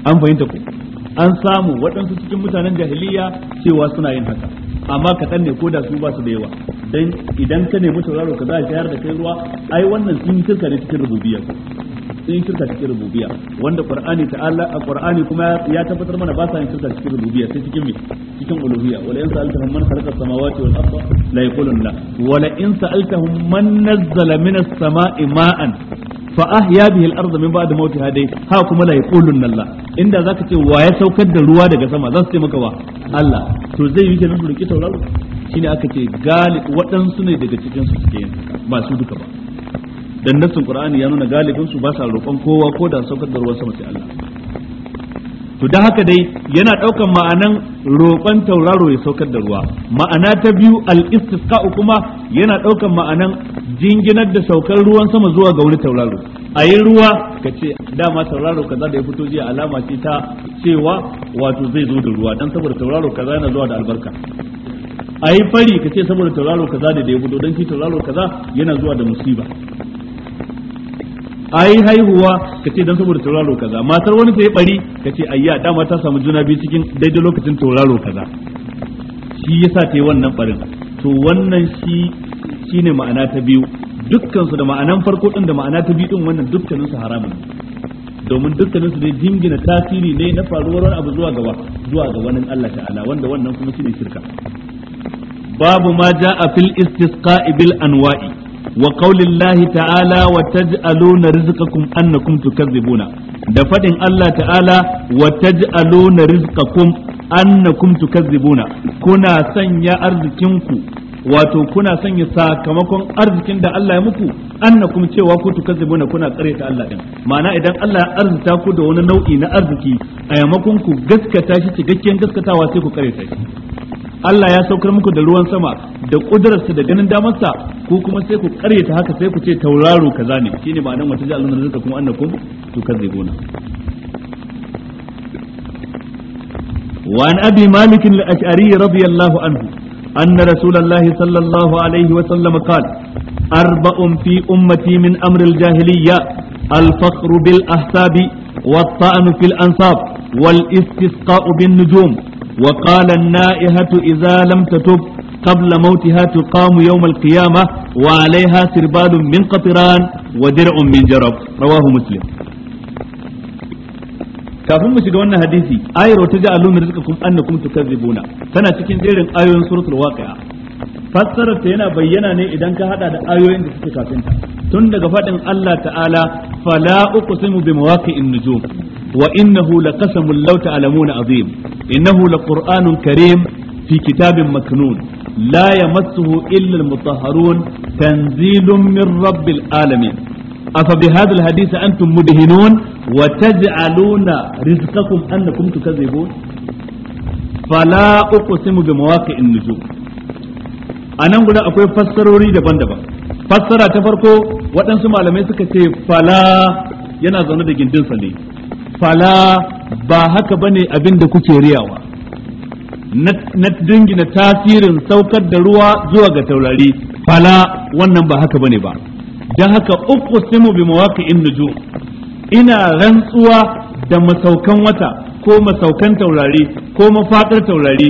an fahimta ku an samu waɗansu cikin mutanen jahiliya cewa suna yin haka amma kaɗan ne ko da su ba su da yawa dan idan ka nemi tauraro ka za a shayar da kai ruwa ai wannan sun yi shirka ne cikin rububiyya sun yi shirka cikin rububiyya wanda qur'ani ta'ala a qur'ani kuma ya tabbatar mana ba sa yin shirka cikin rububiyya sai cikin me cikin uluhiyya wala in sa'altahum man khalaqa samawati wal arda la yaqulun la wala in sa'altahum man nazzala minas sama'i ma'an fa ahya bihi al-ardh min ba'd mawtiha dai ha kuma la yaqulun nalla inda zaka ce wa ya saukar da ruwa daga sama zan ce maka wa Allah to zai yi kenan ruki tauraro shine aka ce galib waɗansu ne daga cikin su suke ba su duka ba dan nassin Qur'ani ya nuna galibin su ba sa roƙon kowa ko da saukar da ruwan sama sai Allah to don haka dai yana ɗaukan ma'anan roƙon tauraro ya saukar da ruwa ma'ana ta biyu al istisqa kuma yana ɗaukan ma'anan jinginar da saukar ruwan sama zuwa ga wani tauraro a yi ruwa ka ce dama tauraro kaza da ya fito jiya alama ce ta cewa wato zai zo da ruwa dan saboda tauraro kaza yana zuwa da albarka a yi fari ka ce saboda tauraro kaza da ya fito don shi tauraro kaza yana zuwa da musiba ai haihuwa ka ce dan saboda tauraro kaza matar wani ta yi bari ka ce ayya dama ta samu juna biyu cikin daidai lokacin tauraro kaza shi yasa ta yi wannan barin to wannan shi shine ma'ana ta biyu dukkan su da ma'anan farko din da ma'ana ta biyu din wannan dukkanin su haramun domin dukkanin su dai jingina tasiri ne na faruwar wani abu zuwa gaba zuwa ga wani Allah ta'ala wanda wannan kuma shine shirka babu ma ja'a fil istisqa'i bil anwa'i wa الله تعالى وتجعلون رزقكم rizqakum تكذبون tukazzibuna da الله Allah ta'ala wa taj'aluna تكذبون كنا سنيا kuna sanya arzikinku wato kuna sanya sakamakon arzikin da Allah ya muku annakum cewa ku tukazzibuna kuna tsare ta Allah din ma'ana idan Allah ya arzuta ku da wani nau'i na arziki a yamakon ku gaskata shi cikakken gaskatawa sai ku kare ta shi Allah ya saukar muku da ruwan sama da kudurarsa da ganin damarsa ko kuma sai ku karyata haka sai ku ce tauraro kaza ne shine ma'anar wata ji Allah rizqa kuma annakum to kaze gona wa an abi malik al-ash'ari radiyallahu anhu anna rasulullah sallallahu alaihi wa sallam qala arba'un fi ummati min amr al-jahiliyya al-fakhru bil ahsabi والطعن wal الأنصاب bin nujum وقال النائحة إذا لم تتب قبل موتها تقام يوم القيامة وعليها سربال من قطران ودرع من جرب رواه مسلم kafin mu shiga wannan hadisi ayar wata ja'alu min rizqakum annakum tukazzibuna tana cikin jerin ayoyin suratul waqi'a fassarar ta yana bayyana ne idan ka hada da ayoyin da suke kafin tun daga fadin Allah ta'ala fala uqsimu bi mawaqi'in nujum wa innahu laqasamun law ta'lamuna azim innahu laqur'anun karim fi kitabin maknun la yamassuhu illa almutahharun tanzilun min rabbil alamin afa bi hadha alhadith antum mudhinun wa taj'aluna rizqakum annakum tukazzibun fala uqsimu bi mawaqi'in nujum a nan gudan akwai fassarori daban-daban fassara ta farko waɗansu malamai suka ce fala yana zaune da gindinsa ne fala ba haka bane abin da kuke riyawa na dingina tasirin saukar da ruwa zuwa ga taurari fala wannan ba haka bane ba don haka uku simu bi in nujum ina rantsuwa da masaukan wata ko masaukan taurari ko mafadar taurari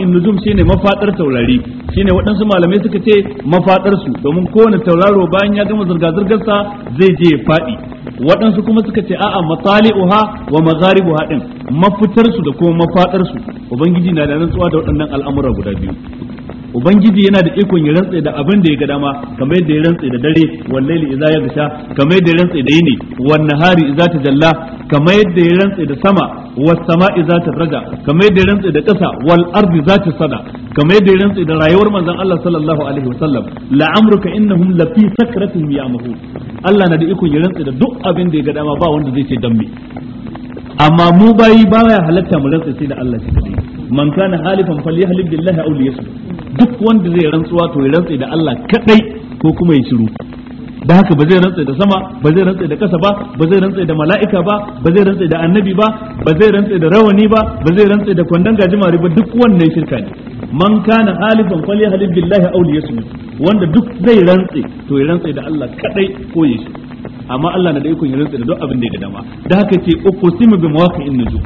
in nuzum shine mafadar taurari shine waɗansu malamai suka ce mafadar su domin kowane tauraro bayan ya gama zirga zirgar sa zai je ya fadi waɗansu kuma suka ce a'a matali'uha wa mazaribuha din mafitar su da kuma mafadar su ubangiji na da rantsuwa da waɗannan al'amura guda biyu ubangiji yana da ikon ya rantsa da abin da ya ga dama kamar yadda ya rantsa da dare wallahi Iza ya gasha kamar yadda ya rantsa da yini wan hari idza jalla kamar yadda ya rantsa da sama was sama'i zata raja kamar yadda ya rantsa da ƙasa wal ardi zata sada kamar yadda ya rantsa da rayuwar manzon Allah sallallahu alaihi wasallam la amruka innahum lafi sakratihim ya'mahun Allah na da ikon ya rantsa da duk abin da ya ga dama ba wanda zai ce dambe amma mu bayi baya halatta mu rantsa sai da Allah shi kadai man kana halifan falyahlib billahi aw liyasmut duk wanda zai rantsuwa to ya rantsa da Allah kadai ko kuma ya shiru da haka ba zai rantsa da sama ba zai rantsa da kasa ba ba zai rantsa da mala'ika ba ba zai rantsa da annabi ba ba zai rantsa da rawani ba ba zai rantsa da kwandon gajimare ba duk wannan shirka ne man kana halifan falyahlib billahi aw liyasmut wanda duk zai rantsa to ya rantsa da Allah kadai ko ya shiru amma Allah na da ikon ya rantsa da duk abin da ya dama da haka ce uqsimu bi mawaqi'in nujum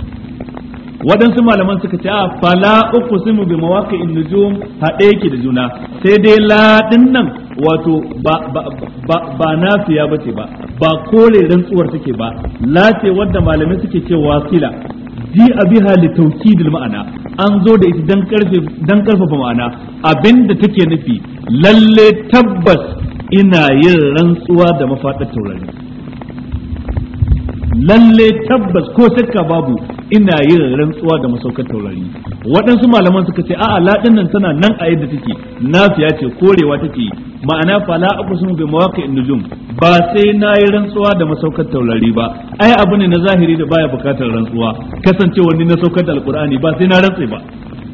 waɗansu malaman suka ce a ah, fala uku mu bi in nujum haɗe yake da juna sai dai laɗin nan wato ba na ba, ba ce ba ba kore rantsuwar take ba lace wadda malamai suke ce wasila ji a bi li da ma'ana an zo da ita don ƙarfafa karfafa ma'ana abinda take nufi lalle tabbas ina yin rantsuwa da mafaɗar taurari lalle tabbas ko shakka babu ina yin rantsuwa da masaukar taurari waɗansu malaman suka ce a'a ladin nan tana nan a yadda take nafiya ce korewa take ma'ana fala aqsimu bi mawaqi'in nujum ba sai na yi rantsuwa da masaukar taurari ba ai abu ne na zahiri da baya bukatar rantsuwa kasance ni na saukar da alqur'ani ba sai na rantsi ba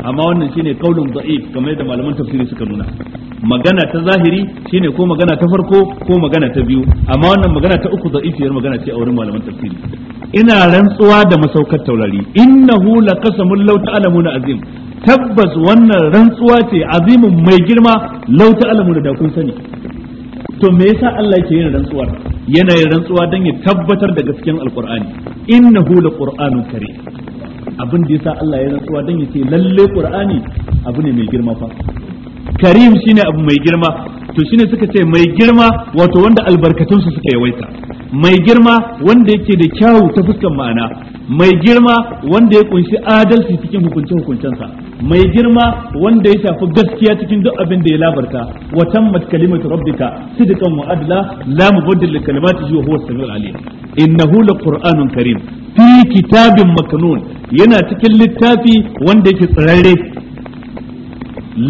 amma wannan shine kaulun da'if kamar yadda malaman tafsiri suka nuna magana ta zahiri shine ko magana ta farko ko magana ta biyu amma wannan magana ta uku da'ifiyar magana ce a wurin malaman tafsiri ina rantsuwa da masaukar taurari innahu laqasamul law ta'lamuna azim tabbas wannan rantsuwa ce azimin mai girma law ta'lamuna da kun sani to me yasa Allah yake yin rantsuwar yana yin rantsuwa don ya tabbatar da gaskiyar alqur'ani innahu laqur'anun karim abin da yasa Allah ya rantsuwa dan yace lalle qur'ani abu ne mai girma fa karim shine abu mai girma to shine suka ce mai girma wato wanda albarkatun su suka yawaita mai girma wanda yake da kyawu ta fuskan ma'ana mai girma wanda ya kunshi adalci cikin hukunce hukuncensa mai girma wanda ya shafi gaskiya cikin duk abin da ya labarta wa tammat kalimatu rabbika sidqan wa adla la mubaddila kalimatihi wa huwa as-sami'ul alim innahu laqur'anun karim fi kitabin maknun yana cikin littafi wanda yake tsirarre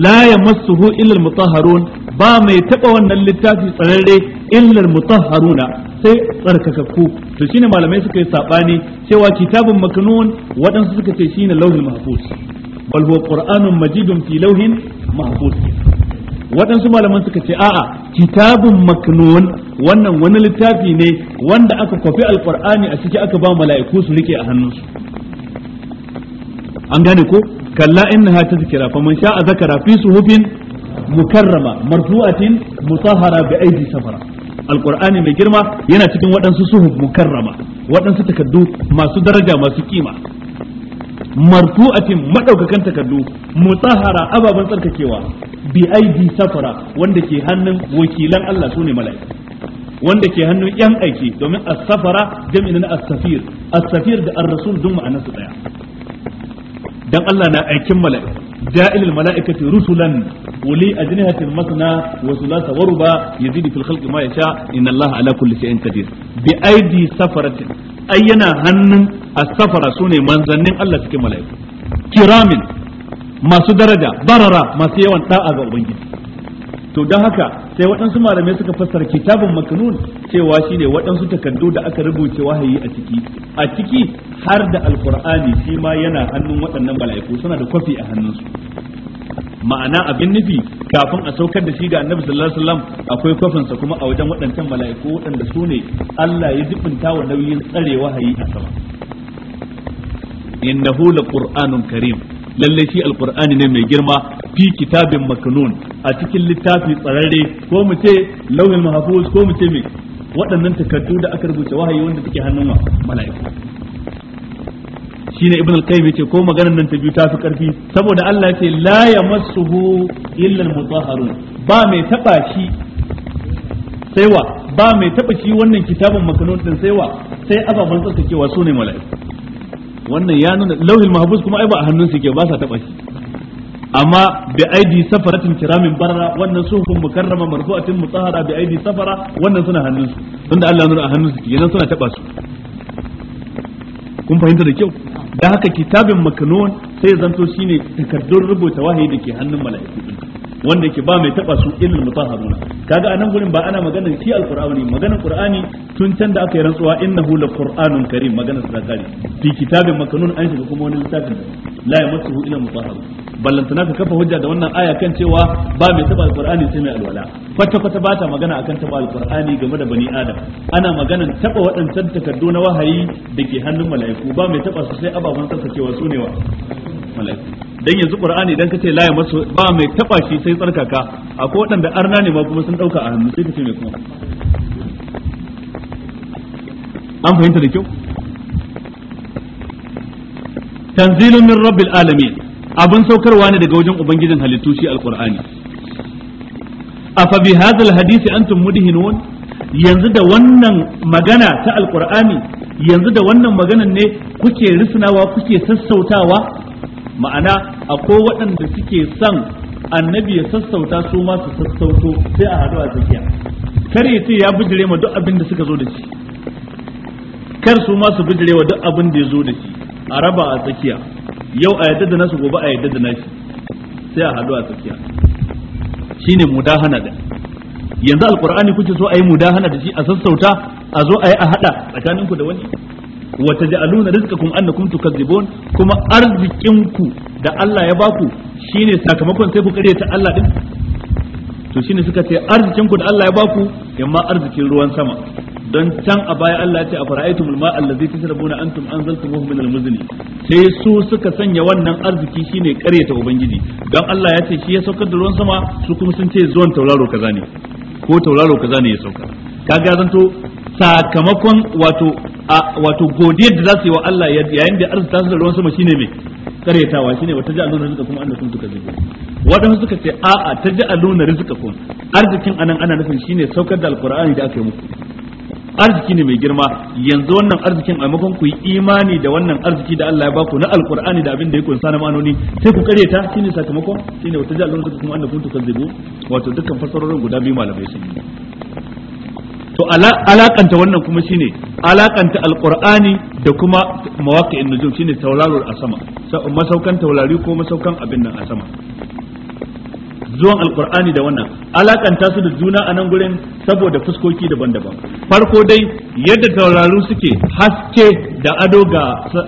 la yamassuhu illar al-mutahharun ba mai taba wannan littafi tsirarre illar al-mutahharuna sai tsarkakakku to shine malamai suka yi sabani cewa kitabun maknun waɗansu suka ce shine lauhin mahfuz bal huwa qur'anun majidun fi lauhin mahfuz waɗansu malaman suka ce a'a kitabun maknun wannan wani littafi ne wanda aka kwafi alkur'ani a ciki aka ba mala'iku su rike a hannunsu an gane ko kalla innaha tazkira faman sha'a zakara fi suhufin mukarrama marfu'atin musahara bi aidi safara alqur'ani mai girma yana cikin waɗansu suhuf mukarrama waɗansu takaddu masu daraja masu kima marfu'atin madaukakan takaddu mutahara ababan tsarkakewa bi aidi safara wanda ke hannun wakilan Allah sune mala'iku wanda ke hannun yan aiki domin as-safara jami'in as-safir as-safir da ar-rasul dun ma'anar su daya dan Allah na aikin mala'iku da'ilil mala'ikati rusulan uli ajnihatin masna wa thulatha wa ruba yazidu fil khalqi ma yasha inna Allah ala kulli shay'in qadir bi aidi safaratin ayyana hannun as-safara sune manzannin Allah cikin mala'iku kiramin masu daraja barara masu yawan da'a ga ubangiji to don haka sai waɗansu malamai suka fassara kitabun makanun cewa shi ne waɗansu takardu da aka rubuce wahayi a ciki a ciki har da alkur'ani shi ma yana hannun waɗannan mala'iku suna da kwafi a hannunsu ma'ana abin nufi kafin a saukar da shi ga annabi sallallahu alaihi wasallam akwai kwafinsa kuma a wajen waɗancan mala'iku waɗanda su ne Allah ya jibinta wa nauyin tsare wahayi a sama innahu laqur'anun karim lalle shi alkur'ani ne mai girma fi kitabin maknun a cikin littafi tsararre ko mu ce lauhin mahfuz ko mu ce waɗannan takardu da aka rubuta wahayi wanda suke hannun wa mala'iku shine ibn al-qayyim yace ko maganar nan ta biyu ta fi karfi saboda Allah yace la yamassuhu illa al-mutahharun ba mai taba shi sai wa ba mai taba shi wannan kitabun makanun din sai wa sai ababan tsarkakewa sune mala'iku wannan ya nuna lauhil mahfuz kuma ai ba a hannun su ke ba sa taba shi amma bi aidi safaratin kiramin barra wannan suhufun mukarrama marfu'atin mutahhara bi aidi safara wannan suna hannun su tunda Allah nuna a hannun su kenan suna taba su kun fahimta da kyau da haka kitabin makanun sai zanto shine takaddun rubuta wahayi da ke hannun mala'iku wanda yake ba mai taba su illal mutahharuna kaga anan gurin ba ana maganar shi alqur'ani maganar qur'ani tun can da aka yi rantsuwa innahu laqur'anun karim maganar zakari fi kitabin makanun an shiga kuma wani littafin la yamassuhu illa mutahharun ballantana ka kafa hujja da wannan aya kan cewa ba mai taba alqur'ani sai mai alwala kwata kwata ba ta magana akan taba alqur'ani game da bani adam ana maganar taba waɗancan takardu na wahayi da ke hannun mala'iku ba mai taba su sai ababen sarkacewa su ne wa mala'iku dan yanzu qur'ani idan kace la masu ba mai taba shi sai tsarkaka akwai waɗanda arna ne ma kuma sun dauka a hannu sai kace mai kuma an fahimta da kyau tanzilun min rabbil alamin abin saukarwa ne daga wajen ubangijin halittu shi alqur'ani afa bi hadhal hadisi antum mudhinun yanzu da wannan magana ta alqur'ani yanzu da wannan maganan ne kuke risnawa kuke sassautawa ma'ana akwai waɗanda suke son annabi ya sassauta su ma su sassauto sai a haɗu a tsakiya kar ya ce ya bijire ma duk abin da suka zo da shi kar su ma su bijire wa duk abin da ya zo da shi a raba a tsakiya yau a yadda da nasu gobe a yadda da nashi sai a haɗu a tsakiya shine mudahana da yanzu Alƙur'ani kuke so a yi mudahana da shi a sassauta a zo a yi a haɗa tsakaninku da wani wa taj'aluna rizqakum annakum tukazzibun kuma arzikinku da Allah ya baku shine sakamakon sai ku ta Allah din to shine suka ce arzikinku da Allah ya baku yamma arzikin ruwan sama don can a baya Allah ya ce a fara'aitum alma allazi tashrabuna antum anzaltumuhu min almuzni sai su suka sanya wannan arziki shine karyata ubangiji don Allah ya ce shi ya saukar da ruwan sama su kuma sun ce zuwan tauraro kaza ko tauraro kaza ya sauka kaga zanto sakamakon wato wato godiyar da za su yi wa Allah yayin da arzuta su da ruwan sama shine mai karetawa shine wata ja'aluna rizqakum annakum tukadzibun wadan suka ce a'a ta rizika kun arzikin anan ana nufin shine saukar da alqur'ani da aka yi muku arziki ne mai girma yanzu wannan arzikin a makon ku yi imani da wannan arziki da Allah ya baku na alqur'ani da abin da ya kunsa na manoni sai ku karyata shine sakamakon shine wata kuma rizqakum suka tukadzibun wato dukkan fasarorin guda biyu malamai sun yi to alakanta wannan kuma shine alakanta alqur'ani da kuma mawaqi'in nujum shine tauraro a sama masaukan taurari ko masaukan abin nan a sama zuwan alqur'ani da wannan alakanta su da juna a nan gurin saboda fuskoki daban-daban farko dai yadda tauraru suke haske da ado ga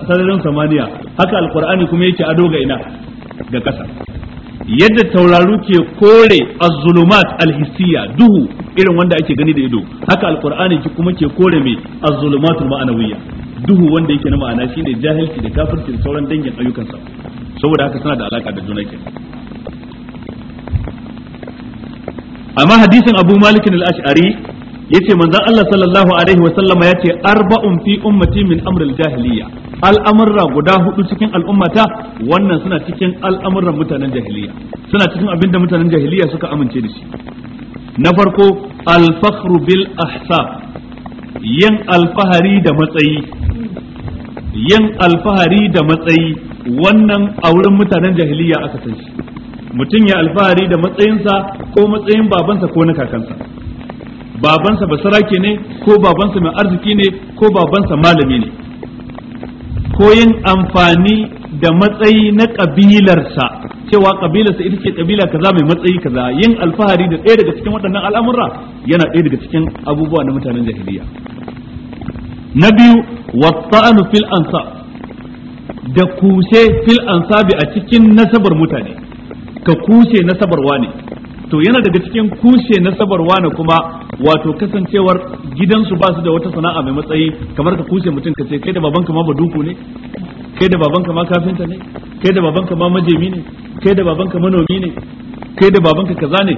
sararin samaniya haka alqur'ani kuma yake ado ga ina ga ƙasa yadda tauraru ke kore az-zulumat duhu irin wanda ake gani da ido haka alqur'ani ki kuma ke kore me az-zulumatul ma'anawiyya duhu wanda yake na ma'ana shine jahilci da kafirci da sauran dangin ayyukan sa saboda haka suna da alaka da juna kenan amma hadisin Abu Malik al-Ash'ari yace manzon Allah sallallahu alaihi wa sallama yace arba'un fi ummati min amr al-jahiliyya al'amurra guda hudu cikin al'ummata wannan suna cikin al'amuran mutanen jahiliya suna cikin abinda mutanen jahiliya suka amince da shi na farko alfakhru bil ahsab yin alfahari da matsayi yin alfahari da matsayi wannan a wurin mutanen jahiliya aka san shi mutum ya alfahari da matsayinsa ko matsayin babansa ko na kakansa babansa basarake ne ko babansa mai arziki ne ko babansa malami ne ko yin amfani da matsayi na kabilarsa cewa kabilarsa ita ce kabila kaza mai matsayi kaza yin alfahari da ɗaya daga cikin waɗannan al'amurra yana ɗaya daga cikin abubuwa na mutanen jahiliya na biyu wasta'anu fil ansa da kuse fil ansabi a cikin nasabar mutane ka kuse nasabarwa ne to yana daga cikin kushe na sabarwa na kuma wato kasancewar gidansu ba su da wata sana'a mai matsayi kamar ka kushe mutum ka ce kai da babanka ma baduku ne kai da babanka ma kafinta ne kai da babanka ma majemi ne kai da babanka manomi ne kai da babanka kaza ne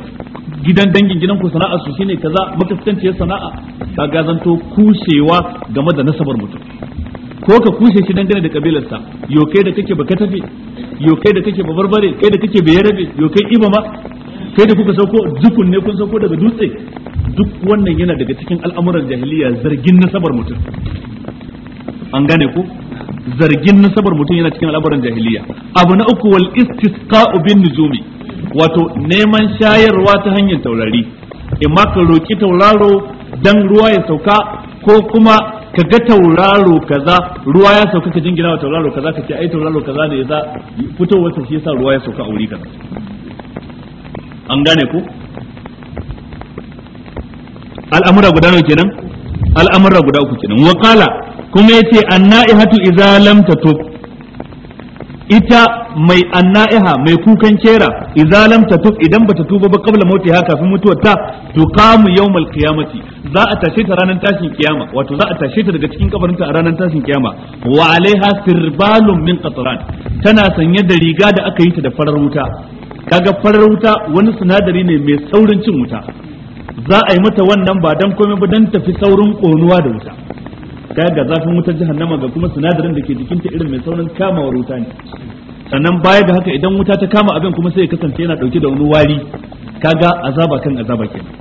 gidan dangin gidan ku sana'a su shine kaza makasanciyar sana'a ka gazanto kushewa game da nasabar mutum ko ka kushe shi dangane da kabilarsa yo kai da kake baka tafi yo kai da kake ba barbare kai da kake ba yo kai ibama kai da kuka sauko zukun ne kun sauko daga dutse duk wannan yana daga cikin al'amuran jahiliya zargin nasabar mutum an gane ku zargin nasabar mutum yana cikin al'amuran jahiliya abu na uku wal istisqa'u bin nujumi wato neman shayarwa ta hanyar taurari imma ka roki tauraro dan ruwa ya sauka ko kuma ka ga tauraro kaza ruwa ya sauka ka jingina wa tauraro kaza ka ce ai tauraro kaza ne ya fitowar sa shi yasa ruwa ya sauka a wuri kaza an gane ku al'amura guda nawa kenan al'amura guda uku kenan wa qala kuma yace annaihatu idza lam tatub ita mai annaiha mai kukan kera idza lam tatub idan bata tuba ba qabla mautiha kafin mutuwarta tuqamu yawmal qiyamati za a tashe ta ranar tashin kiyama wato za a tashe ta daga cikin kafarinta a ranar tashin kiyama wa alaiha sirbalun min qatran tana sanye da riga da aka yi ta da farar wuta kaga farar wuta wani sinadari ne mai saurin cin wuta za a yi mata wannan ba dan komai ba dan tafi saurin konuwa da wuta kaga ga zafin wutar jahannama ga kuma sinadarin da ke jikinta irin mai saurin kamawar wuta ne sannan baya da haka idan wuta ta kama abin kuma sai ya kasance yana dauke da wani wari kaga azaba kan azaba kenan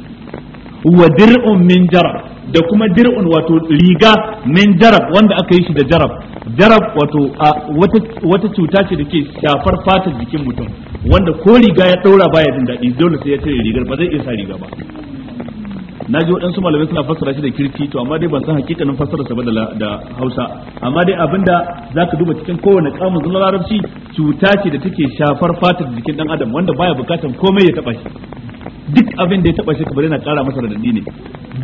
wa dir'un min jara da kuma dir'un wato riga min jarab wanda aka yi shi da jarab jarab wato wata cuta ce da ke shafar fatar jikin mutum wanda ko riga ya ɗaura baya jin daɗi dole sai ya cire rigar ba zai iya sa riga ba na ji waɗansu malamai suna fassara shi da kirki to amma dai ban san hakikanin fassara sa ba da Hausa amma dai abinda ka duba cikin kowane kamun na larabci cuta ce da take shafar fatar jikin ɗan adam wanda baya bukatan komai ya taɓa shi duk abin da ya taba shi yana kara masa radadi ne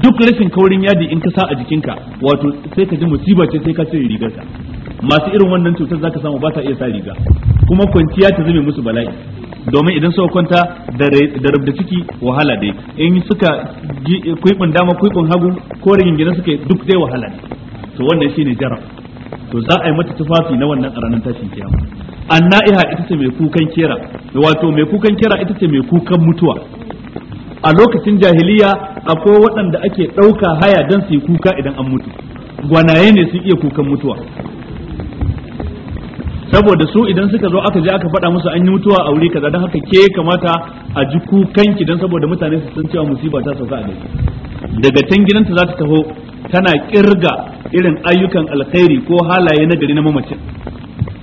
duk rashin kaurin yadi in ka sa a jikinka wato sai ka ji musiba ce sai ka cire sa masu irin wannan cutar zaka samu ba ta iya sa riga kuma kwanciya ta zame musu bala'i domin idan suka kwanta da rabda ciki wahala dai in suka kuibin dama kuibin hagu ko rigingina suka duk dai wahala ne to wannan shine jarab to za a yi mata tufafi na wannan a ranar tashin kiyama anna'iha ita ce mai kukan kera wato mai kukan kera ita ce mai kukan mutuwa a lokacin jahiliya akwai waɗanda ake ɗauka haya don su yi kuka idan an mutu gwanaye ne su iya kukan mutuwa saboda su idan suka zo aka je aka faɗa musu an yi mutuwa a wuri kaza don haka ke kamata a ji kukanki don saboda mutane su san cewa musiba ta sauka a gari daga can gidanta za ta taho tana kirga irin ayyukan alkhairi ko halaye na gari na mamacin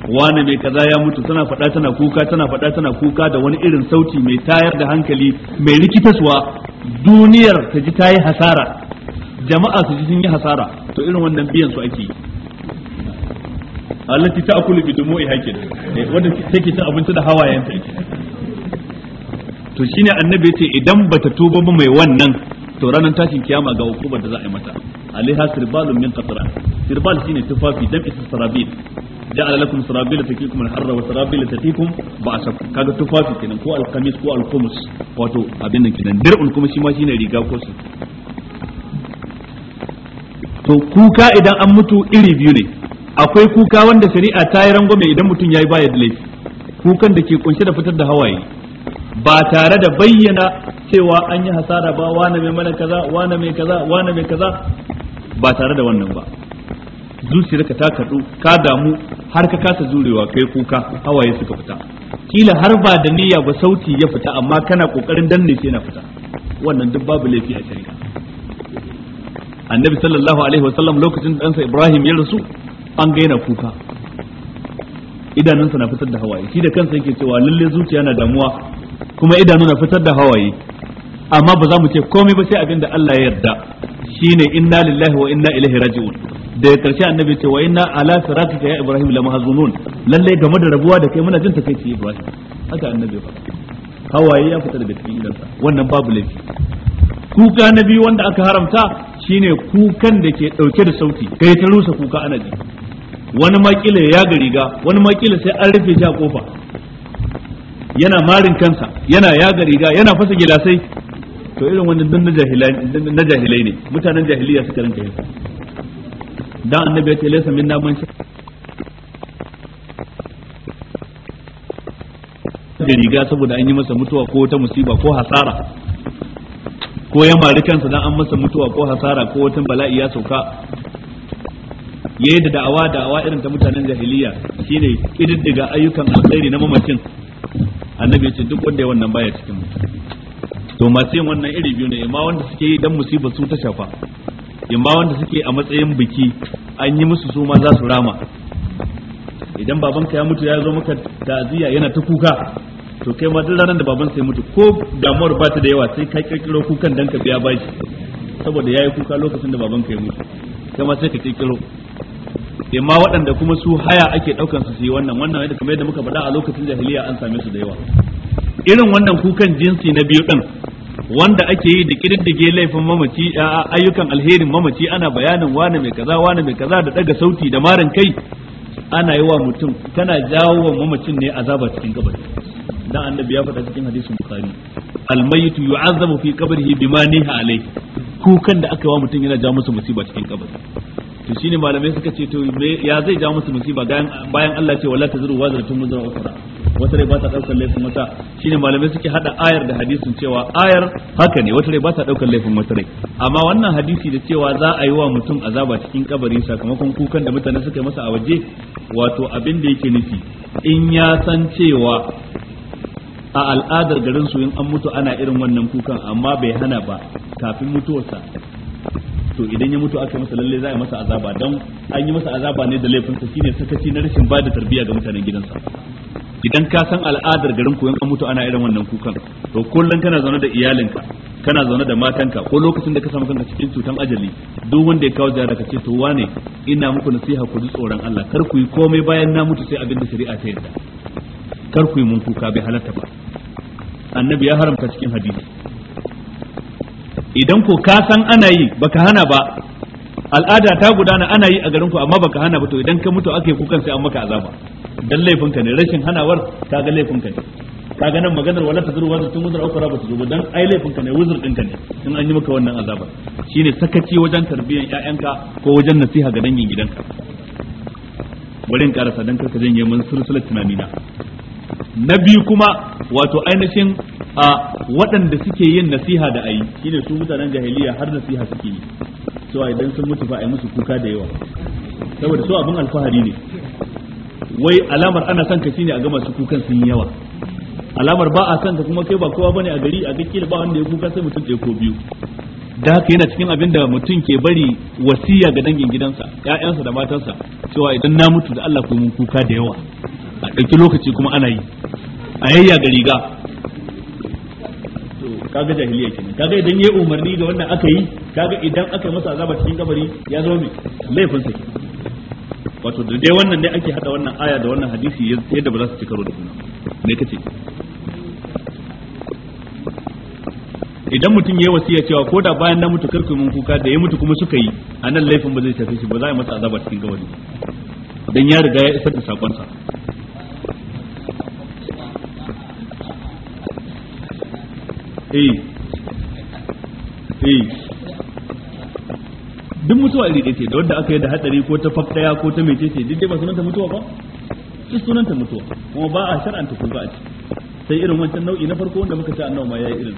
wani mai kaza ya mutu tana faɗa tana kuka tana faɗa tana kuka da wani irin sauti mai tayar da hankali mai rikitaswa duniyar ta ji ta yi hasara jama'a su ji sun yi hasara to irin wannan biyan su ake yi ta akulu bi dumu'i hakin eh, wanda take ta abinci da hawayen ta to shine annabi yace idan bata tuba ba mai wannan to ranar tashin kiyama ga hukumar da za a yi mata alaiha sirbalun min qatran sirbal shine tufafi dan isa sarabil ja'ala lakum sarabila takikum al har wa sarabila tatikum ba'sa kaga tufafi kenan ko al-qamis ko al-qumus wato abin nan kenan dir'un kuma shi ma shine riga ko su to kuka idan an mutu iri biyu ne akwai kuka wanda shari'a ta yi rangwame idan mutum ya yi baya da laifi kukan da ke kunshe da fitar da hawaye ba tare da bayyana cewa an yi hasara ba wane mai mana kaza wane mai kaza wane mai kaza ba tare da wannan ba zuciyarka ta kaɗu ka damu har ka kasa zurewa kai kuka hawaye suka fita kila har ba da niyya ba sauti ya fita amma kana kokarin danne shi na fita wannan duk babu laifi a shari'a annabi sallallahu alaihi wasallam lokacin da ɗansa ibrahim ya rasu an gaina kuka idanunsa na fitar da hawaye shi da kansa yake cewa lalle zuciya na damuwa kuma idanu na fitar da hawaye amma ba za mu ce komai ba sai abin da Allah ya yarda shine inna lillahi wa inna ilaihi raji'un daga karshe annabi ce wa inna ala siratika ya ibrahim la mahzunun lalle game da rabuwa da kai muna jin takeici ibrahim haka annabi fa hawaye ya fita daga cikin idansa wannan babu laifi kuka na biyu wanda aka haramta shine kukan da ke dauke da sauti kai ta rusa kuka ana ji wani makila ya ga riga wani makila sai an rufe shi a kofa yana marin kansa yana ya yaga riga yana fasa gilasai to irin wannan dan na jahilai ne mutanen jahiliya suka rinka yin dan annabi ya ce laysa minna man da riga saboda an yi masa mutuwa ko wata musiba ko hasara ko ya mari kansa dan an masa mutuwa ko hasara ko wata bala'i ya sauka yayi da da'awa da'awa irin ta mutanen jahiliya shine kididdiga ayyukan alkhairi na mamacin annabi ce duk wanda ya wannan baya cikin mu to masu yin wannan iri biyu ne ma wanda suke yi dan musiba su ta shafa in ba wanda suke a matsayin biki an yi musu suma za su rama idan babanka ya mutu ya zo maka ta'aziyya yana ta kuka to kai ma duk ranar da baban sai mutu ko damuwar ba ta da yawa sai ka kirkiro kukan dan ka biya bashi saboda yayi kuka lokacin da babanka ya mutu kai ma sai ka kirkiro imma waɗanda kuma su haya ake ɗaukan su su yi wannan wannan yadda kamar yadda muka faɗa a lokacin jahiliya an same su da yawa irin wannan kukan jinsi na biyu ɗin wanda ake yi da kididdige laifin mamaci ayyukan alherin mamaci ana bayanin wani mai kaza wani mai kaza da daga sauti da marin kai ana yi wa mutum tana jawo wa mamacin ne azaba cikin kabari dan annabi ya faɗa cikin hadisin bukhari almayitu yu'azzabu fi qabrihi bima niha alai kukan da aka yi wa mutum yana jawo musu musiba cikin kabari to shine malamai suka ce to ya zai jawo musu musiba bayan Allah ce wala tazuru wazratun muzra ukhra wata rai ba ta daukar laifin wata shine malamai suke hada ayar da hadisin cewa ayar haka ne wata rai ba ta daukar laifin wata rai amma wannan hadisi da cewa za a yi wa mutum azaba cikin kabari sakamakon kukan da mutane suka yi masa a waje wato abin da yake nufi in ya san cewa a al'adar garin su in an mutu ana irin wannan kukan amma bai hana ba kafin mutuwarsa to idan ya mutu aka masa lalle za a masa azaba don an yi masa azaba ne da laifinsa shine sakaci na rashin ba da tarbiyya ga mutanen gidansa idan ka san al'adar garin ku yanka mutu ana irin wannan kukan to kullum kana zaune da iyalinka kana zaune da matanka ko lokacin da ka samu kanka cikin cutan ajali duk wanda ya kawo jara ka ce to wane ina muku nasiha ku ji tsoron Allah kar ku yi komai bayan na mutu sai abin da shari'a ta yarda kar ku yi mun kuka bai halatta ba annabi ya haramta cikin hadisi idan ko ka san ana yi baka hana ba al'ada ta gudana ana yi a garin ku amma baka hana ba to idan ka mutu aka kukan sai an maka azaba dan laifin ka ne rashin hanawar ka ga laifin ka ne ka ga nan maganar wala tazuru wa tun wuzur ukra ba dan ai laifin ka ne wuzur din ka ne in an yi maka wannan azaba shine sakaci wajen tarbiyyar ƴaƴanka ko wajen nasiha ga dangin gidanka bari in karasa dan karka janye mun sulsulat na. na biyu kuma wato ainihin a waɗanda suke yin nasiha da ayi shine su mutanen jahiliya har nasiha suke yi a idan sun mutu ba a yi musu kuka da yawa saboda su abin alfahari ne wai alamar ana son ka ne a ga masu kukan sun yi yawa alamar ba a son ka kuma kai ba kowa bane a gari a ga kila ba wanda ya kuka sai mutum ɗaya ko biyu da haka yana cikin abin da mutum ke bari wasiya ga dangin gidansa ƴaƴansa da matansa, cewa idan na mutu da Allah ko mun kuka da yawa a ɗauki lokaci kuma ana yi a yayya ga riga kaga jahiliya nan kaga idan yayi umarni ga wannan aka yi kaga idan aka masa azaba cikin kabari ya zo mai laifin sa wato da dai wannan ne ake hada wannan aya da wannan hadisi yadda ba za su ci karo da juna ne kace idan mutum ya wasiya cewa ko da bayan na mutu karku mun kuka da ya mutu kuma suka yi a nan laifin ba zai tafi shi ba za a masa azaba cikin kabari dan ya riga ya isar da sakon sa eh eh duk mutuwa iri ɗaya ce da wadda aka yi da hatsari ko ta fak ɗaya ko ta mece ce duk dai ba sunanta mutuwa ba shi sunanta mutuwa kuma ba a shar'anta ku ba a ci sai irin wancan nau'i na farko wanda muka ce annabi ma yayi irin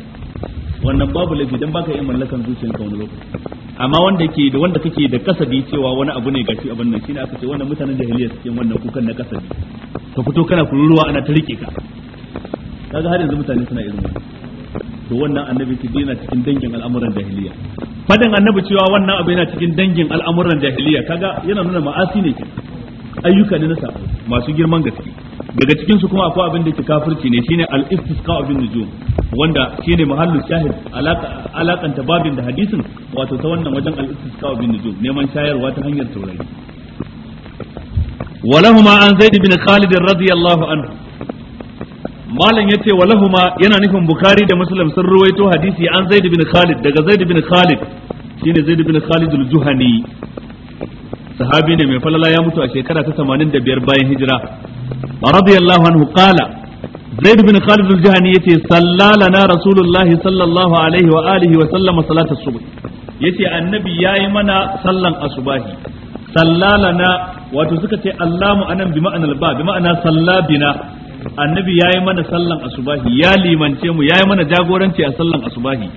wannan babu laifi dan baka yin mallakan zuciyarka wani lokaci amma wanda ke da wanda kake da kasabi cewa wani abu ne gashi abin nan shine aka ce wannan mutanen jahiliya suke wannan kukan na kasabi ka fito kana kururuwa ana ta rike ka kaga har yanzu mutane suna irin wannan to wannan annabi ki dina cikin dangin al'amuran jahiliya fadin annabi cewa wannan abu yana cikin dangin al'amuran jahiliya kaga yana nuna ma'asi ne ayyuka ne na sabo masu girman gaske daga cikin su kuma akwai abin da ke kafirci ne shine al-istisqa bin nujum wanda shine mahallu shahid alaka alakanta babin da hadisin wato ta wannan wajen al-istisqa bin nujum neman shayarwa ta hanyar taurari ولهما عن زيد بن خالد رضي الله عنه malam yace walahuma yana nufin bukhari da muslim sun ruwaito hadisi an zaid bin khalid daga zaid bin khalid shine zaid bin khalid al-juhani sahabi ne mai falala ya mutu a shekara ta 85 bayan hijira radiyallahu anhu qala zaid bin khalid al-juhani yace sallala na rasulullahi sallallahu alaihi wa alihi wa sallama salatul subh yace annabi yayi mana sallan asubahi sallalana wato suka ce allamu anan bi ma'anar ba bi ma'ana sallabina annabi ya yi mana sallan asubahi ya limance mu ya yi mana jagoranci a sallan asubahi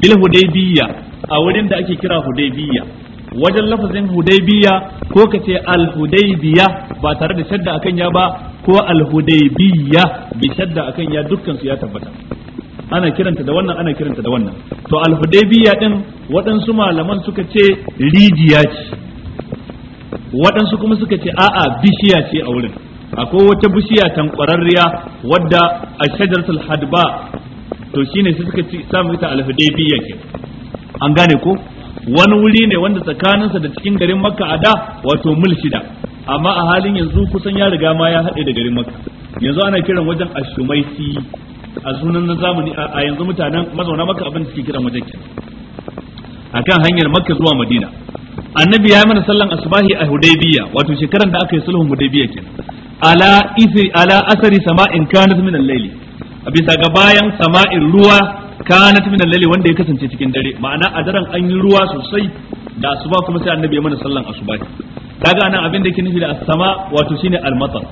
bil hudaybiyya a wurin da ake kira hudaybiyya wajen lafazin hudaybiyya ko kace al hudaybiyya ba tare da shadda akan ya ba ko al hudaybiyya bi shadda akan ya dukkan su ya tabbata ana kiranta da wannan ana kiranta da wannan to al hudaybiyya din waɗansu malaman suka ce rijiya ce waɗansu kuma suka ce a'a bishiya ce a wurin akwai wata bishiya tankwararriya wadda a ashajaratul hadba to shine sai suka samu ita al-hudaybiyya ke an gane ko wani wuri ne wanda tsakaninsa da cikin garin makka a da wato mil shida amma a halin yanzu kusan ya riga ma ya haɗe da garin makka yanzu ana kiran wajen ashumaiti a sunan na zamani a yanzu mutanen mazauna makka abin da suke kiran wajen A kan hanyar makka zuwa madina annabi ya yi mana sallan asubahi a hudaybiya wato shekaran da aka yi sulhun hudaybiya kenan ala asari sama'in kanat min al-layli bisa ga bayan sama'in ruwa kanat min al wanda ya kasance cikin dare ma'ana a daren an yi ruwa sosai da asuba kuma sai annabi ya mana sallan asuba kaga anan abin da yake nufi da as-sama wato shine al-matar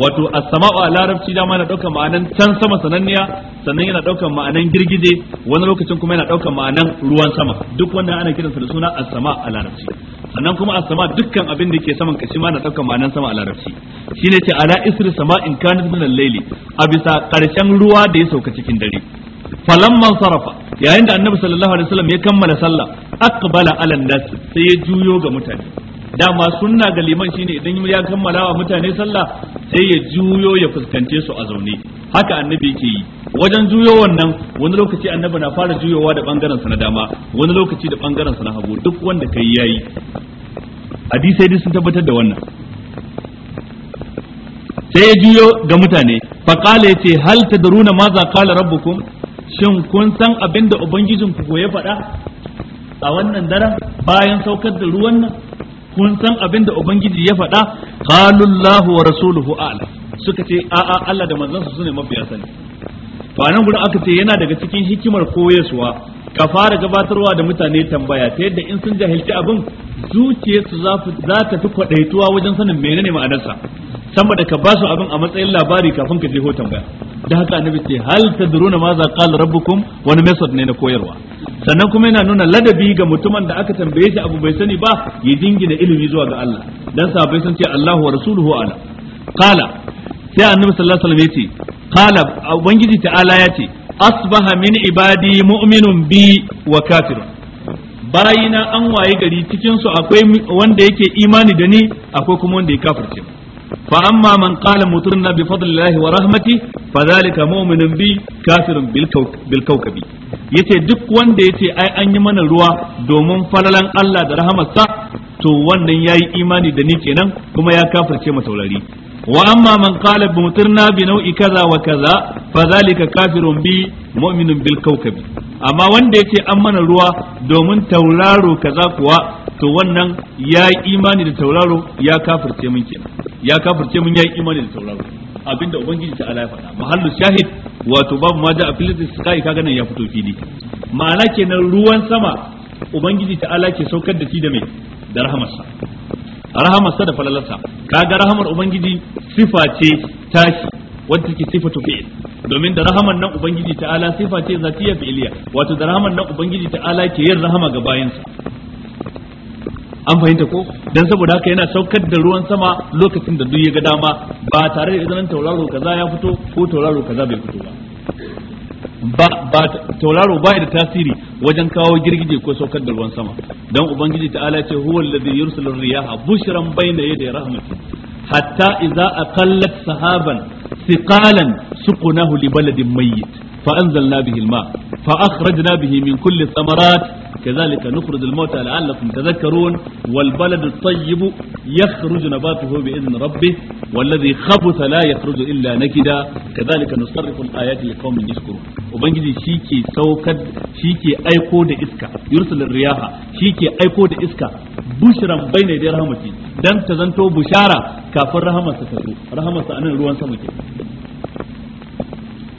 wato as-sama'u a larabci dama yana daukar ma'anan can sama sananniya sannan yana daukar ma'anan girgije wani lokacin kuma yana daukar ma'anan ruwan sama duk wannan ana kiransa da suna as-sama a larabci sannan kuma as-sama dukkan abin da ke saman kashi ma na daukar ma'anan sama a larabci shine ce ala isri sama'in kanat min al-layli a bisa karshen ruwa da ya sauka cikin dare man sarafa yayin da annabi sallallahu alaihi wasallam ya kammala sallah aqbala ala nas sai ya juyo ga mutane dama sunna ga liman shine idan ya kammala wa mutane sallah sai ya juyo ya fuskance su a zaune haka annabi yake yi wajen juyo wannan wani lokaci annabi na fara juyowa da bangaren sa na dama wani lokaci da bangaren sa na hagu duk wanda kai yayi hadisai dai sun tabbatar da wannan sai ya juyo ga mutane qala yace hal tadruna ma za qala rabbukum shin kun san abinda da ubangijinku ko ya faɗa a wannan daren bayan saukar da ruwan nan kun san abin da ubangiji ya faɗa qalu wa rasuluhu a'lam suka ce a'a Allah da manzansa sune mabiya sani to anan gurin aka ce yana daga cikin hikimar koyasuwa. ka fara gabatarwa da mutane tambaya ta yadda in sun jahilci abin zuciyarsu za ta fi kwadaituwa wajen sanin menene ma'anarsa sama da ka ba su abin a matsayin labari kafin ka je ho tambaya da haka annabi ce hal tadruna ma za qala rabbukum wani method ne na koyarwa sannan kuma yana nuna ladabi ga mutumin da aka tambaye shi abu bai sani ba ya dingina ilimi zuwa ga Allah dan sahabbai sun ce Allahu wa rasuluhu ala qala sai annabi sallallahu alaihi wasallam ya ce qala ubangiji ta'ala ya ce asbaha min ibadi mu'minun bi wa kafir bayina an wayi gari cikinsu akwai wanda yake imani da ni akwai kuma wanda ya kafirce fa amma man qala muturna bi fadlillahi wa rahmati fa zalika mu'minun bi kafirun bil kawkabi yace duk wanda yace ai an yi mana ruwa domin falalan Allah da rahamarsa to wannan yayi imani da ni kenan kuma ya kafirce mataurari wa amma man qala bi bi nau'i kaza wa kaza fa zalika kafirun bi mu'minun bil kawkabi amma wanda yace an mana ruwa domin tauraro kaza kuwa to wannan ya yi imani da tauraro ya kafirce min kenan ya kafirce min ya yi imani da tauraro abinda ubangiji ta ala ya faɗa mahallu shahid wato babu ma da afilitis sky kaga nan ya fito fili ma'ana kenan ruwan sama ubangiji ta ala ke saukar da shi da mai da rahamarsa rahamar sa da falalarsa kaga rahamar ubangiji sifa ce tashi wanda take sifatu fi'il domin da rahaman nan ubangiji ta'ala sifa ce zatiya fi'iliya wato da rahamar nan ubangiji ta'ala ke yin rahama ga bayansa an fahimta ko dan saboda haka yana saukar da ruwan sama lokacin da duk ya ga dama ba tare da izinin tauraro kaza ya fito ko tauraro kaza bai fito ba ba ba tauraro ba da tasiri wajen kawo girgije ko saukar da ruwan sama dan ubangiji ta'ala ce huwa alladhi yursilu riyaha bushran bayna yaday rahmati hatta idza aqallat sahaban thiqalan suqnahu li baladin mayyit fa anzalna bihi alma fa akhrajna bihi min kulli thamarat كذلك نخرج الموتى لعلكم تذكرون والبلد الطيب يخرج نباته بإذن ربه والذي خبث لا يخرج إلا نكدا كذلك نصرف الآيات لقوم يشكرون وبنجي شيكي سوكد شيكي أيكو دا إسكا يرسل الرياح شيكي أيكو دا إسكا بشرا بين يدي رحمتي دم تزنتو بشارة كافر رحمة ستزو رحمة سأنا روان سمكي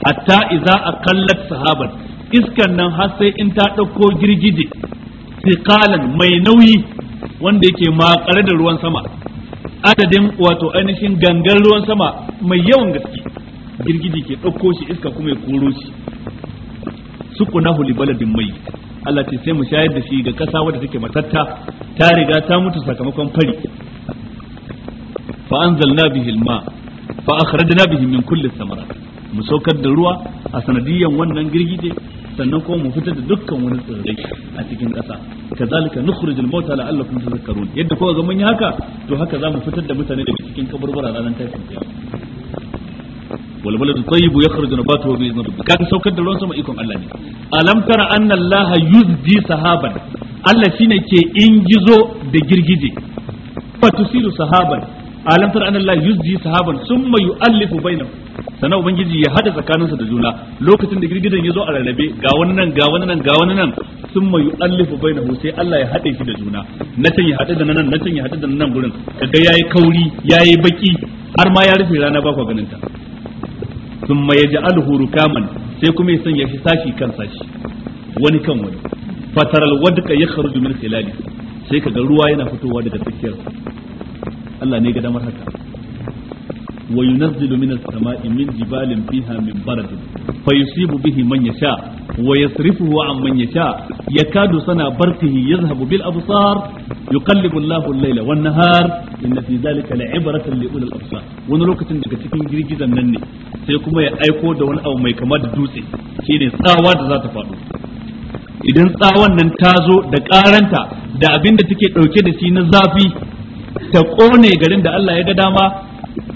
حتى إذا أقلت سحابا iskan nan har sai in ta ɗauko girgije sikalan mai nauyi wanda yake makare da ruwan sama adadin wato ainihin gangan ruwan sama mai yawan gaske girgije ke ɗauko shi iska kuma ya koro shi suqunahu li baladin mai Allah ce sai mu shayar da shi ga kasa wadda take matatta ta riga ta mutu sakamakon fari fa anzalna bihi alma fa akhrajna bihi min kulli thamarat mu saukar da ruwa a sanadiyan wannan girgije sannan kuma mu fitar da dukkan wani tsirrai a cikin ƙasa kazalika nukhrijul mauta la'allakum tadhakkarun yadda kowa ga mun yi haka to haka za mu fitar da mutane daga cikin kaburbura ranar tashin kiyama wal baladu tayyibu yakhruju nabatuhu bi idhni rabbih kaga saukar da ruwan sama ikon Allah ne alam tara anna Allah yuzdi sahaban Allah shine ke ingizo da girgije fatusiru sahaban alam tara anna Allah yuzji sahaban summa yu'allifu bainahum sanan ubangiji ya hada tsakaninsa da juna lokacin da girgidan ya zo a rarrabe ga wani nan ga wani nan ga wani nan summa yu'allifu bainahum sai Allah ya hade shi da juna na can ya hade da nan na can ya hade da nan gurin kaga yayi kauri yayi baki har ma ya rufe rana ba ku ganin ta summa yaj'aluhu rukaman sai kuma ya sanya shi sashi kan sashi wani kan wani fataral wadka yakhruju min khilali sai kaga ruwa yana fitowa daga tsakiyar Allah ne ga damar haka wa yunazzilu minas sama'i min jibalin fiha min barad fa yusibu bihi man yasha wa yasrifuhu an man yasha yakadu sana barqihi yadhhabu bil absar yuqallibu Allahu al-layla wan nahar inna fi dhalika la'ibratan li ulil absar wani lokacin daga cikin girgizan nan ne sai kuma ya aiko da wani abu mai kama da dutse shine tsawa da za ta faɗo idan tsawon nan ta zo da karanta da abin da take ɗauke da shi na zafi ta kone garin da Allah ya ga dama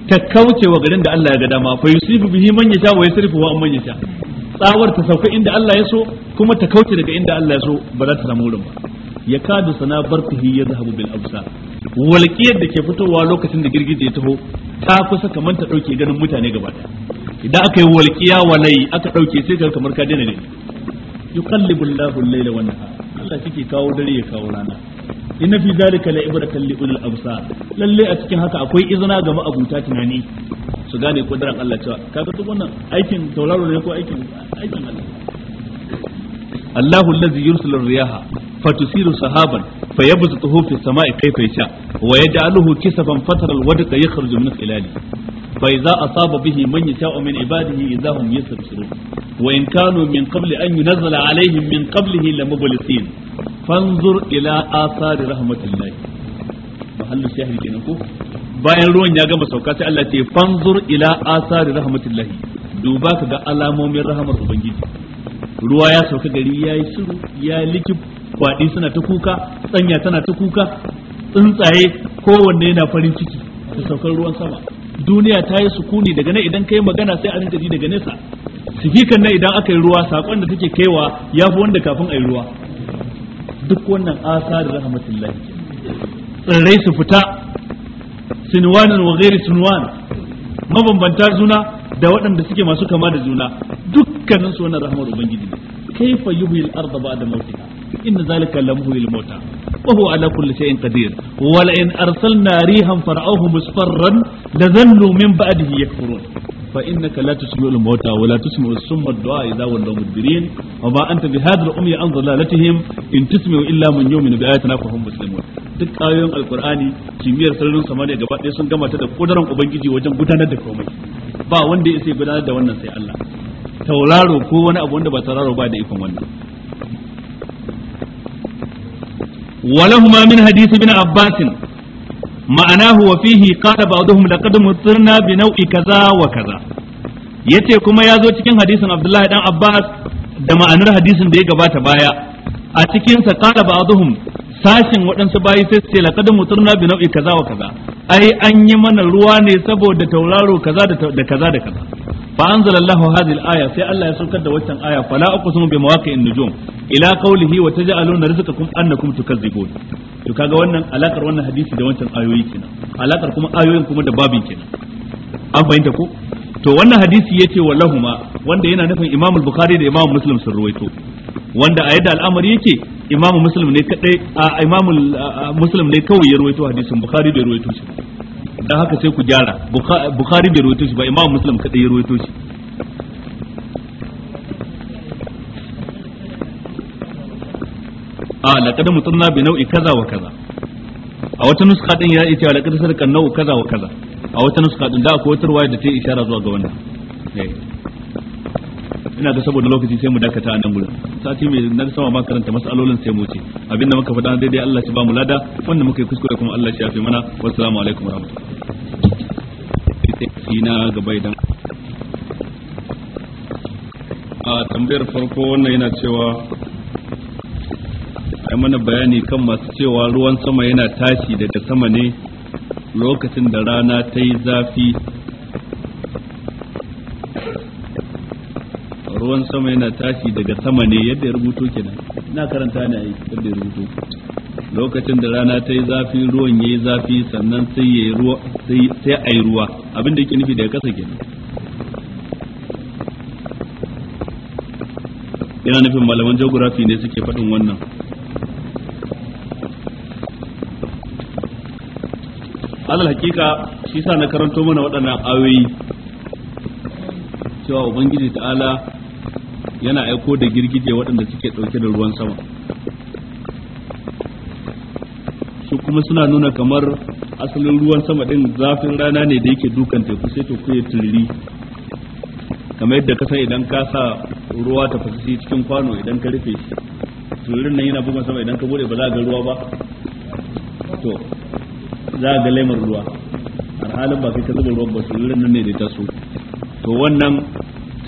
ta kauce wa garin da Allah ya ga dama fa yusifu bihi man yasha wa yusrifu wa man yasha tsawar ta sauka inda Allah ya so kuma ta kauce daga inda Allah ya so ba za ta samu wurin ba ya kadu sana ta ya zahabu bil absar walƙiyar da ke fitowa lokacin da girgije ya taho ta kusa kamar ta ɗauke ganin mutane gaba idan aka yi walƙiya walai aka ɗauke sai ka kamar ka daina ne yuqallibu llahu al-layla wan nahar Allah kike kawo dare ya kawo rana inna fi zalika la ibratan li ulil absar lalle a cikin haka akwai izina ga ma'abuta tunani su gane kudaran Allah cewa kaga duk wannan aikin tauraro ne ko aikin aikin Allah Allahu allazi yursilu riyaha fatusiru sahaban fa yabzutuhu fi samai kayfa yasha wa yaj'aluhu kisafan fatara alwadqa yakhruju min khilali fa idza asaba bihi man yasha'u min ibadihi idza hum yastabsirun wa in kanu min qabli an yunzala alaihim min qablihi lamublisin fanzur ila athari rahmatillah bayan ruwan ya gama sauka sai Allah ce fanzur ila asari rahmatillahi duba ka ga alamomin rahamar ubangiji ruwa ya sauka gari ya yi shiru ya liki kwaɗi suna ta kuka tsanya tana ta kuka tsuntsaye kowanne yana farin ciki da saukar ruwan sama duniya ta yi sukuni daga nan idan kai magana sai a rinka ji daga nesa sifikan nan idan aka yi ruwa saƙon da take kaiwa ya fi wanda kafin a yi ruwa duk wannan asa da rahmatullahi tsirrai su fita sinwanin wa gairi sinwan mabambanta juna da waɗanda suke masu kama da juna dukkanin su wannan rahmar ubangiji kaifa yuhyil arda ba'da mawtiha inna zalika lamuhyil mauta wa huwa ala kulli shay'in qadir wa la in arsalna rihan fara'ahu musfarran la zallu min ba'dihi yakfurun fa innaka la tusmi'ul mauta wa la tusmi'u summa du'a idza wallaw mudbirin wa ma anta bihadhal ummi an dhalalatihim in tusmi'u illa mun man yu'minu bi ayatina fa hum muslimun duk ayoyin alqur'ani kimiyyar sararin samaniya gaba ɗaya sun gamata ta da kudaran ubangiji wajen gudanar da komai ba wanda ya sai gudanar da wannan sai Allah tauraro ko wani abu wanda ba tauraro ba da ikon wannan ولهما من حديث ابن عباس ma'anahu wa fihi qala ba'dhum laqad mutirna bi nau'i kaza wa kaza yace kuma ya zo cikin hadisin Abdullahi dan Abbas da ma'anar hadisin da ya gabata baya a cikin sa qala ba'dhum sashin waɗansu bayi sai ce la laqad muturna bi nau'i kaza wa kaza ai an yi mana ruwa ne saboda tauraro kaza da kaza da kaza fa anzalallahu hadhihi al-aya sai Allah ya saukar da waccan aya fala aqsumu bi mawaqi'in nujum ila qawlihi wa taj'aluna rizqakum annakum tukazzibun to kaga wannan alakar wannan hadisi da wancan ayoyi kenan alakar kuma ayoyin kuma da babin kenan an fahimta ko to wannan hadisi yace wallahuma wanda yana nufin Imam al-Bukhari da Imam Muslim sun ruwaito wanda a yadda al'amari yake imamu muslim ne kadai a imamu muslim ne kawai ya rawaito hadisin bukhari bai rawaito shi dan haka sai ku gyara bukhari bai rawaito shi ba imamu muslim kadai ya rawaito shi a laqad mutanna bi nau'i kaza wa kaza a wata nuska din ya ita laqad sarkan nau'i kaza wa kaza a wata nuska din da akwai wata ruwaya da ta yi isharar zuwa ga wannan eh. ina ga saboda lokaci sai mu dakata a nan gurin sati mai na sama ma karanta masalolin sai mu ce abinda muka faɗa daidai Allah shi ba mu lada wanda muka yi kuskure kuma Allah shi ya fi mana wassalamu alaikum wa warahmatullahi na gaba idan a tambayar farko wannan yana cewa ai mana bayani kan masu cewa ruwan sama yana tashi daga sama ne lokacin da rana ta yi zafi ruwan sama yana tashi daga sama ne yadda ya rubuto kenan ina karanta ne ai yadda ya rubuto lokacin da rana ta yi zafi ruwan ya yi zafi sannan sai ya yi ruwa sai a yi ruwa abin da yake nufi daga kasa kenan yana nufin malaman geography ne suke faɗin wannan alal hakika shi sa na karanto mana waɗannan ayoyi cewa ubangiji ta'ala yana aiko da girgije waɗanda suke ɗauke da ruwan sama su kuma suna nuna kamar asalin ruwan sama ɗin zafin rana ne da yake dukan teku sai to ya tururi kamar yadda ka san idan ka sa ruwa ta fasashe cikin kwano idan ka rufe shi tururin nan yana bugun sama idan ka bude ba za ga ruwa ba to za ga laimar ruwa har halin ba kai ka zuba ruwan ba tururin nan ne da ta so to wannan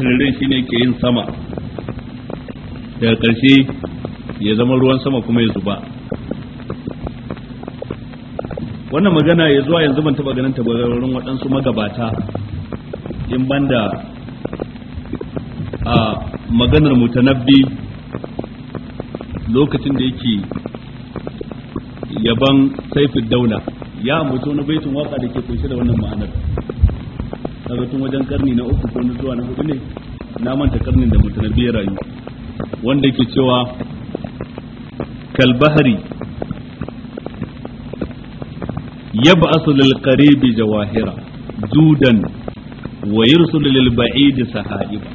tururin shine ke yin sama daga ƙarshe ya zama ruwan sama kuma ya zuba wannan magana ya zuwa yanzu ban taba ganin tabarin waɗansu magabata in banda a maganar mutanabbi lokacin da yake yaban saifin daula ya mutu wani baitin waka da ke kunshe da wannan ma'anar kaga wajen karni na uku ko na zuwa na hudu ne na manta karnin da mutanabbi ya rayu wanda yake cewa kalbahari yab'asu lil qaribi jawahira dudan wa yursilu lil ba'idi sahaiba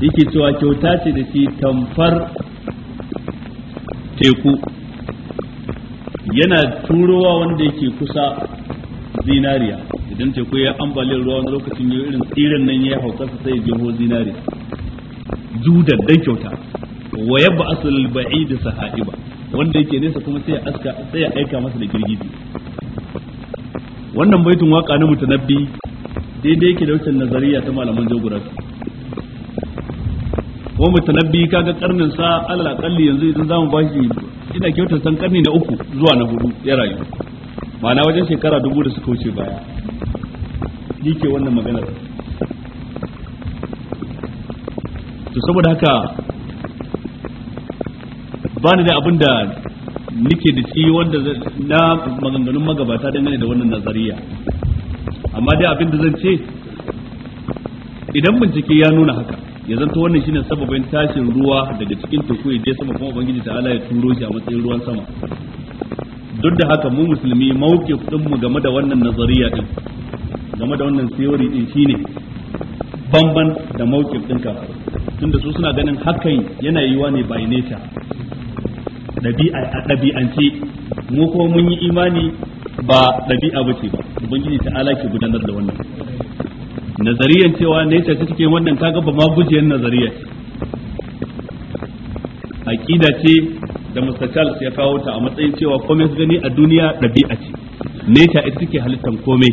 yake cewa kyauta ce da ke tamfar teku yana turowa wanda yake kusa zinariya idan teku ya ambaliyar ruwa wani lokacin yau irin tsirin nan ya hauka sai ya jeho zinariya judan dan kyauta wa yabba asul ba'id sahaiba wanda yake nesa kuma sai aska sai ya aika masa da girgiji wannan baitun waka na mutanabbi daidai yake da wucin nazariya ta malaman jogura ko mutanabbi kaga karnin sa alal aqalli yanzu idan zamu bashi ina kyautar san karni na uku zuwa na hudu ya rayu ma'ana wajen shekara dubu da suka wuce baya ke wannan maganar to saboda haka ba ni da abin da nike da shi wanda na maganganun magabata dangane da wannan nazariya amma dai abin da zan ce idan bincike ya nuna haka ya zanto wannan shine sababin tashin ruwa daga cikin teku ya je sama kuma ubangiji ala ya turo shi a matsayin ruwan sama duk da haka mu musulmi mauke din mu game da wannan nazariya din game da wannan theory din shine bamban da mawqif din tunda su suna ganin hakan yana yiwa ne by nature ɗabi'ance mu kuma mun yi imani ba ɗabi'a ba ce ba ubangiji ta ala ke gudanar da wannan nazariyan cewa nature ta cikin wannan kaga ba ma gujiyar nazariya aqida ce da Mr. Charles ya kawo ta a matsayin cewa komai su gani a duniya ɗabi'a ce neta ita take halittar komai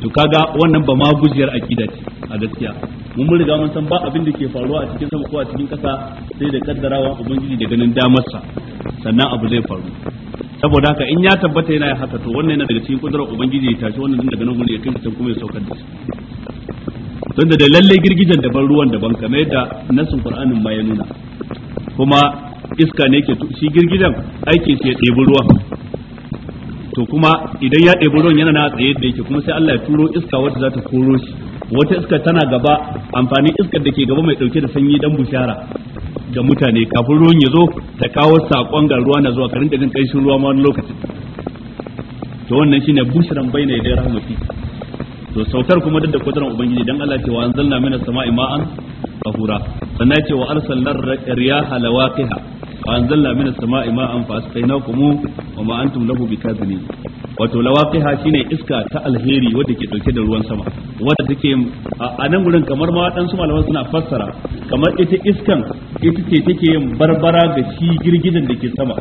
to kaga wannan ba ma gujiyar akida ce a gaskiya mun mun riga mun san ba abin da ke faruwa a cikin sama ko a cikin kasa sai da kaddarawa ubangiji da ganin damarsa sannan abu zai faru saboda haka in ya tabbata yana haka to wannan yana daga cikin kudurar ubangiji ya tashi wannan daga nan gurin ya kai can kuma ya saukar da shi don da lalle girgijen daban ruwan daban kamar yadda nasin qur'anin ma ya nuna kuma iska ne ke shi girgijen aiki ke ɗebi ruwan to kuma idan ya ɗebi ruwan yana na tsaye da yake kuma sai Allah ya turo iska wata za ta koro shi wata iska tana gaba amfanin iskar da ke gaba mai ɗauke da sanyi dan bushara ga mutane kafin ruwan ya zo ta kawo sakon ga ruwa na zuwa ka da jin ƙanshin ruwa ma wani lokacin to wannan shine bushran baina yadai rahmati to sautar kuma duk da kudurin ubangiji dan Allah ce wa anzalna minas sama'i ma'an tahura sannan ce wa arsalna riyaha lawaqiha anzalna من السماء ماء فاسقيناكم وما wa ma بكاذبين wato lawaqiha shine iska ta alheri wadda ke dauke da ruwan sama wadda take a nan gurin kamar ma wadansu malaman suna fassara kamar ita iskan ita ce take yin barbara ga shi girgidan da ke sama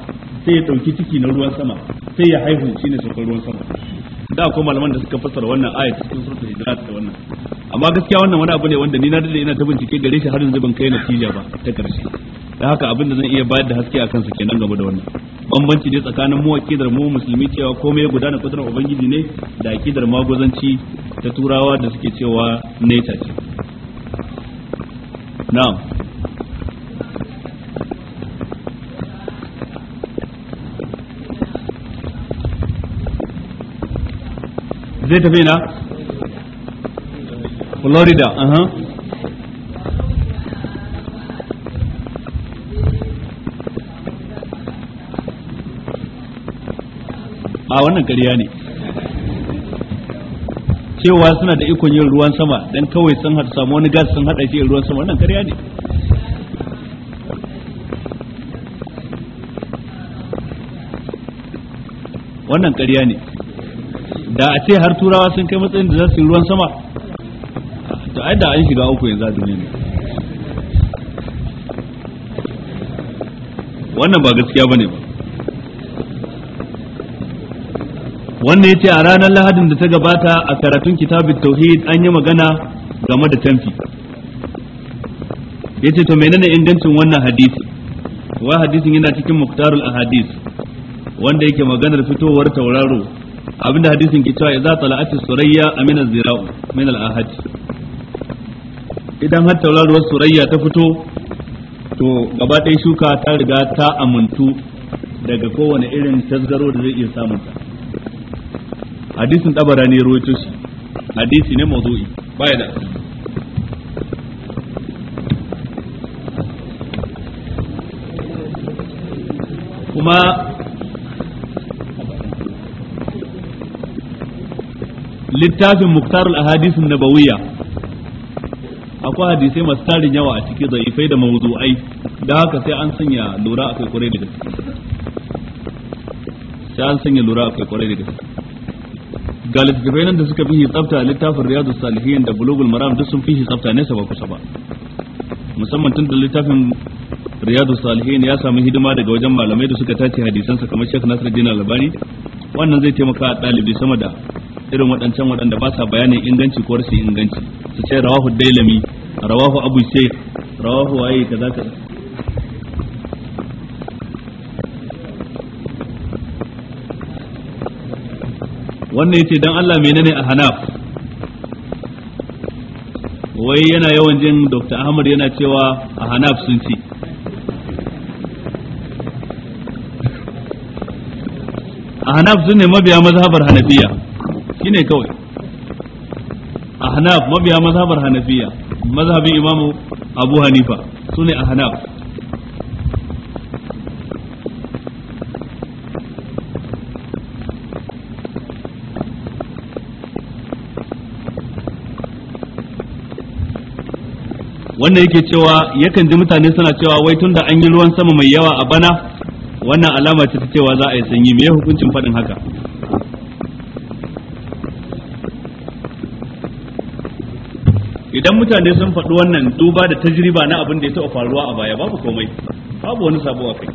sai ya dauki ciki na ruwan sama sai ya haihu shine saukar ruwan sama da akwai malaman da suka fassara wannan ayat cikin suratul hijrat da wannan amma gaskiya wannan wani abu ne wanda ni na dade ina ta bincike gare shi har yanzu ban kai natija ba ta karshe da haka abin da zan iya bayar da haske a kansa kenan game da wannan bambanci ne tsakanin mu akidar mu musulmi cewa komai ya gudana kudurar ubangiji ne da akidar magozanci ta turawa da suke cewa nature ce na'am zai tafi na florida aha a wannan kariya ne cewa suna da ikon yin ruwan sama don kawai sun hada samu wani gas sun hada shi ruwan sama wannan kariya ne wannan kariya ne da a ce har turawa sun kai matsayin da za su yi ruwan sama to ai da an shiga uku yanzu a duniya ne wannan ba gaskiya bane ba wannan yace a ranar lahadin da ta gabata a karatun kitabin tauhid an yi magana game da tamfi yace to menene ingancin wannan hadisi wa hadisin yana cikin muktarul ahadith wanda yake maganar fitowar tauraro abinda hadisin ke cewa idza tala'at surayya amina zira'u min al-ahad idan har tauraruwar surayya ta fito to gaba ɗaya shuka ta riga ta amintu daga kowane irin tasgaro da zai iya samun hadisin tabara ne rawaito shi hadisi ne mawdu'i baya da kuma littafin muktarul ahadisin nabawiyya akwai hadisai masu tarin yawa a ciki zaifai da mawuzu'ai da haka sai an sanya lura akai kwarai da gaske sai an sanya lura akai kwarai da gaske ga littattafai nan da suka fi tsafta a littafin riyadu salihin da bulugul maram duk sun fi tsafta ne ba kusa ba musamman tun da littafin riyadu salihin ya samu hidima daga wajen malamai da suka tace hadisansa kamar shek nasiruddin albani wannan zai taimaka a ɗalibi sama da irin waɗancan waɗanda ba sa bayanin inganci ko rashin inganci su ce rawahu dailami rawahu abu sheikh rawahu waye kaza kaza wannan yace dan Allah menene a hanaf wai yana yawan jin Dr. Ahmad yana cewa a hanaf sun ce a hanaf sun ne mabiya mazhabar hanafiya shine kawai ahnaf mabiya mazhabar hanafiya mazhabin imamu abu hanifa sune ahnaf wannan yake cewa yakan ji mutane suna cewa wai tunda an yi ruwan sama mai yawa a bana wannan alama ce ta cewa za a yi sanyi me hukuncin faɗin haka idan mutane sun faɗi wannan duba da tajriba na abin da ya taɓa faruwa a baya babu komai babu wani sabo a kai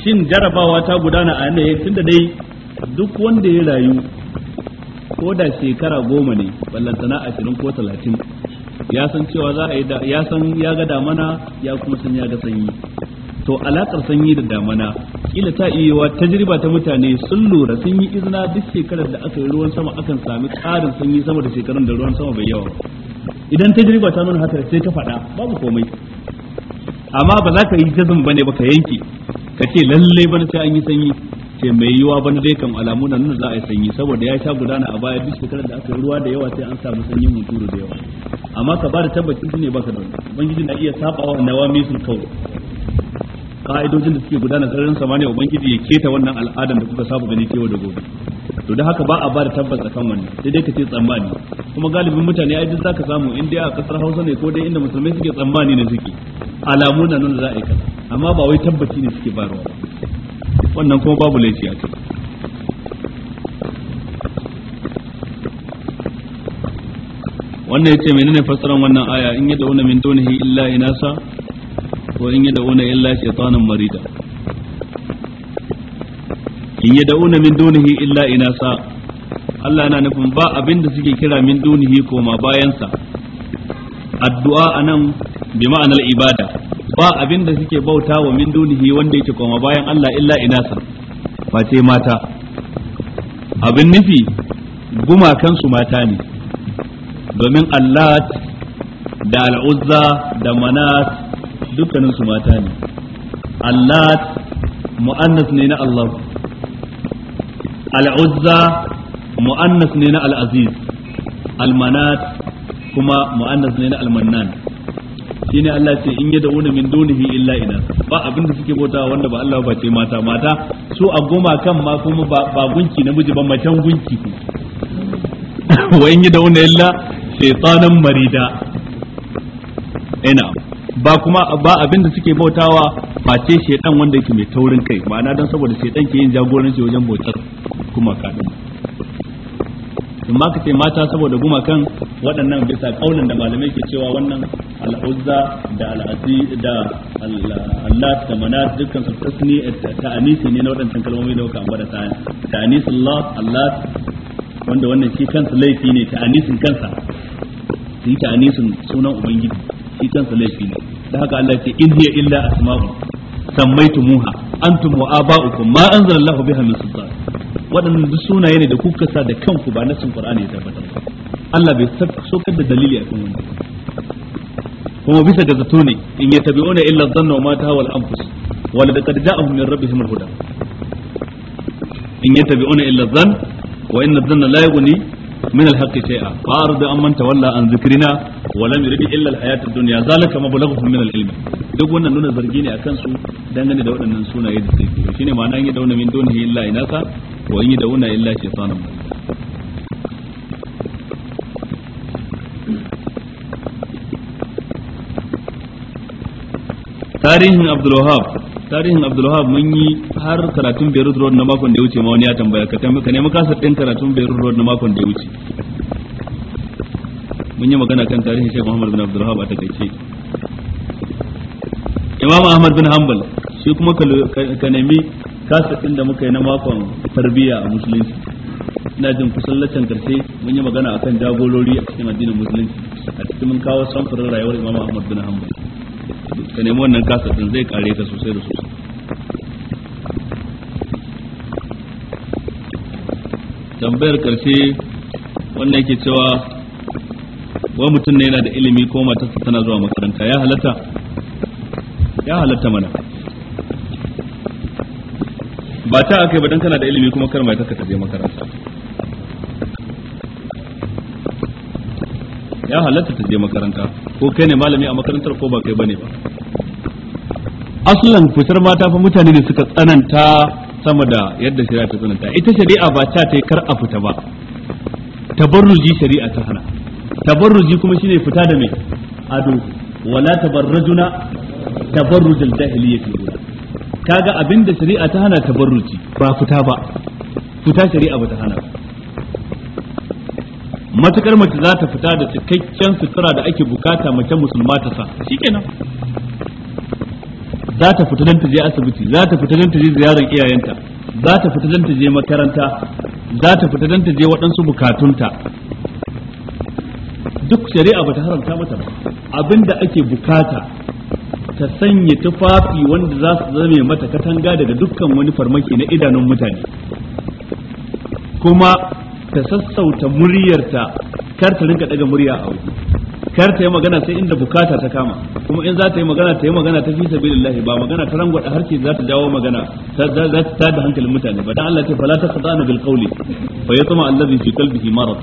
shin jarabawa ta gudana a yanayi da dai duk wanda ya rayu ko da shekara goma ne ballantana ashirin ko talatin ya san cewa za a yi ya san ya ga damana ya kuma san ya ga sanyi to alaƙar sanyi da damana kila ta iya tajriba ta mutane sun lura sun yi izina duk shekarar da aka yi ruwan sama akan sami ƙarin sanyi sama da shekarun da ruwan sama bai yawa idan tajriba ta nuna haka sai ka faɗa babu komai amma ba za ka yi jazin bane ba ka yanke ka ce lalle bana sai an yi sanyi ce mai yiwa bana dai kan alamu na nuna za a yi sanyi saboda ya sha gudana a baya duk shekarar da aka yi ruwa da yawa sai an samu sanyin muturu da yawa amma ka ba da tabbacin ne ka da ubangiji na iya sabawa nawamisul kawai ka'idojin da suke gudana sararin samaniya ubangiji ya keta wannan al'adan da kuka saba gani kewa da gobe to da haka ba a ba da tabbas akan wannan sai dai ka ce tsammani kuma galibin mutane ai duk zaka samu in dai a kasar Hausa ne ko dai inda musulmai suke tsammani ne suke alamu na nuna za a yi kaza amma ba wai tabbaci ne suke bayarwa wannan kuma babu laifi a ciki wannan yace menene fassarar wannan aya in yadda wannan min dunihi illa inasa wa in yad'una illa shaytanan marida in yi da'una min dunihi illa ina sa. Allah na nufin ba abin da suke kira min dunihi koma bayansa addu'a anan bi ma'anar ibada ba abin da suke bauta wa min dunihi wanda yake koma bayan Allah illa ina inasa face mata abin nufi gumakansu mata ne domin Allah da al'uzza da manat dukkanin su mata ne Allah mu'annas ne na Allah al'uzza mu'annas ne na al'aziz almanat kuma mu'annas ne na almannan ne Allah ce in yad'una min dunihi illa ina ba abinda suke bota wanda ba Allah ba ce mata mata su a goma kan ma kuma ba gunki namiji ba macen gunki wa in yad'una illa shaitanan marida ina ba kuma ba abin da suke bautawa ce shedan wanda yake mai taurin kai ma'ana dan saboda shedan ke yin jagoranci wajen bautar kuma kaɗan. in ma ka ce mata saboda gumakan waɗannan bisa kaulin da malamai ke cewa wannan al'uzza da al'azi da Allah da manat dukkan su tasni anisi ne na waɗannan kalmomi da wuka ambata ta anisi Allah Allah wanda wannan shi kansa laifi ne anisin kansa yi anisin sunan ubangiji shi kansa laifi ne da haka Allah ce in hiya illa asma'u sammaitumuha antum wa aba'ukum ma anzalallahu biha min sultan waɗannan duk sunaye ne da kuka sa da kanku ba nasin qur'ani ya tabbatar Allah bai sokar da dalili akan wannan kuma bisa ga zato ne in yattabi'una illa dhanna wa ma tahawal anfus wa laqad ja'ahum min rabbihim al-huda in yattabi'una illa dhanna wa inna dhanna la yughni من الحق شيئا فأعرض من تولى عن ذكرنا ولم يرد إلا الحياة الدنيا ذلك مبلغهم من العلم duk wannan nuna zargi ne akan su dangane da waɗannan sunaye da suke shi ne ma'ana yi dauna min dunhi illa inasa wa yi dauna illa shaytanan tarihin abdul wahab tarihin abdulwahab mun yi har karatun beirut road na makon da ya wuce ma wani ya tambaya ka tambaya ka nemi kasar din karatun beirut road na makon da ya wuce mun yi magana kan tarihin shaikh muhammad bin abdulwahab a takaice imam ahmad bin hanbal shi kuma ka nemi kasar din da muka yi na makon tarbiyya a musulunci ina jin kusan laccan karshe mun yi magana akan jagorori a cikin addinin musulunci a cikin mun kawo samfurin rayuwar imam ahmad bin hanbal ka nemi wannan kasafin zai kare ka sosai da sosai tambayar karshe wannan yake cewa wani mutum ne yana da ilimi ko matarsa tana zuwa makaranta ya halatta ya halatta mana ba ta yi ba dan kana da ilimi kuma kar mai ta je makaranta ya halatta ta je makaranta ko kai ne malami a makarantar ko ba kai bane ba aslan fitar mata fa mutane ne suka tsananta sama da yadda shari'a ta tsananta ita shari'a ba ta ta kar a fita ba tabarruji shari'a ta hana tabarruji kuma shine fita da mai ado wala tabarrajuna tabarrujal jahiliyyati kaga abinda shari'a ta hana tabarruji ba fita ba fita shari'a ba ta hana ba matukar mace za ta fita da cikakken sutura da ake bukata mace musulma ta sa shikenan za ta fita don ta je asibiti za ta fita don ta je ziyarar iyayenta za ta fita don ta je makaranta za ta fita don ta je waɗansu bukatunta duk shari'a ba ta haramta mata ba da ake bukata ta sanya tufafi wanda za su zame mata katanga daga dukkan wani farmaki na idanun mutane kuma ta sassauta muryarta kar ta rinka daga murya a waje kar ta yi magana sai inda bukata ta kama kuma in za ta yi magana ta yi magana ta fi sabilillahi ba magana ta rangwada harshe za ta jawo magana za ta tada hankalin mutane ba dan Allah ce fala ta sadana bil qawli fa yatma allazi fi qalbihi marad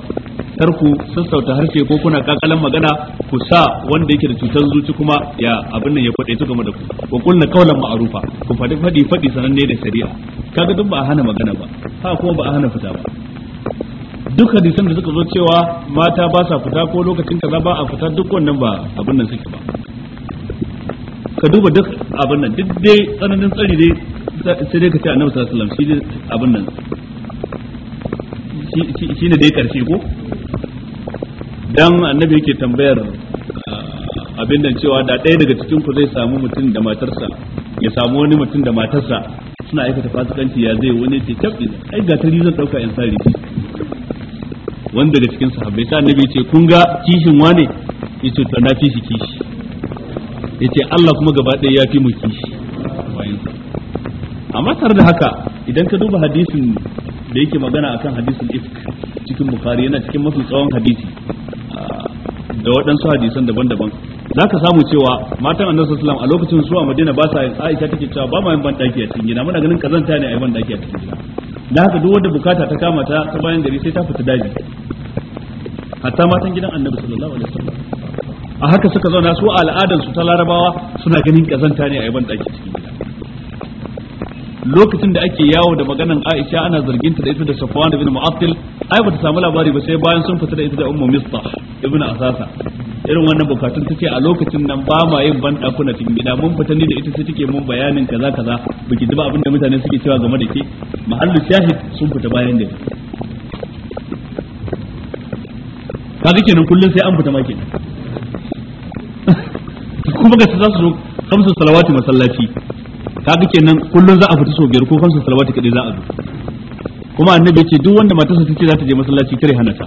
kar ku sassauta harshe ko kuna kakalan magana ku sa wanda yake da cutar zuci kuma ya abin nan ya kwade su game da ku ku kullu qawlan ma'rufa ku fadi fadi fadi sananne da shari'a kaga duk ba a hana magana ba ha kuma ba a hana fita ba duk hadisan da suka zo cewa mata ba sa fita ko lokacin kaza ba a fita duk wannan ba abin nan suke ba ka duba duk abin nan duk dai tsananin tsari dai sai dai ka ce annabi sallallahu alaihi wasallam shi dai abin nan shi ne dai karshe ko dan annabi yake tambayar ah, abin nan cewa da ɗaya daga cikin ku zai samu mutum da matarsa ya samu wani mutum da matarsa suna aikata fasikanci ya zai wani ce tabbi ai ga tarihi zan dauka in sari wanda da cikin sahabbai sai annabi ce kun ga kishin wane yace to na fi shi kishi yace Allah kuma gaba ɗaya ya fi mu kishi amma tare da haka idan ka duba hadisin da yake magana akan hadisin ifk cikin bukhari yana cikin mafi tsawon hadisi da waɗansu hadisan daban-daban za ka samu cewa matan annabi sallallahu a lokacin su a madina ba sa aisha take cewa ba ma yin ban daki a cikin gida muna ganin kazanta ne a yi ban daki a cikin gida da haka duk wanda bukata ta kama ta ta bayan gari sai ta fita daji hatta matan gidan annabi sallallahu alaihi wasallam a haka suka zauna su al'adan su ta larabawa suna ganin kazanta ne a yaban daki cikin gida lokacin da ake yawo da maganan Aisha ana zargin ta da ita da Safwan ibn Mu'attil ai bata samu labari ba sai bayan sun fita da ita da Ummu Mistah ibn Asasa irin wannan bukatun ta ce a lokacin nan ba ma yin ban dakuna cikin gida mun fita ni da ita sai take mun bayanin kaza kaza biki duba abin da mutane suke cewa game da ke mahallu shahid sun fita bayan Ka ga kenan kullun sai an fita ma kenan kuma ga za su zo kamsu salawati masallaci ka ga kenan kullun za a fita so biyar ko kamsu salawati kadai za a zo kuma annabi ya ce duk wanda matarsa take za ta je masallaci kare hanata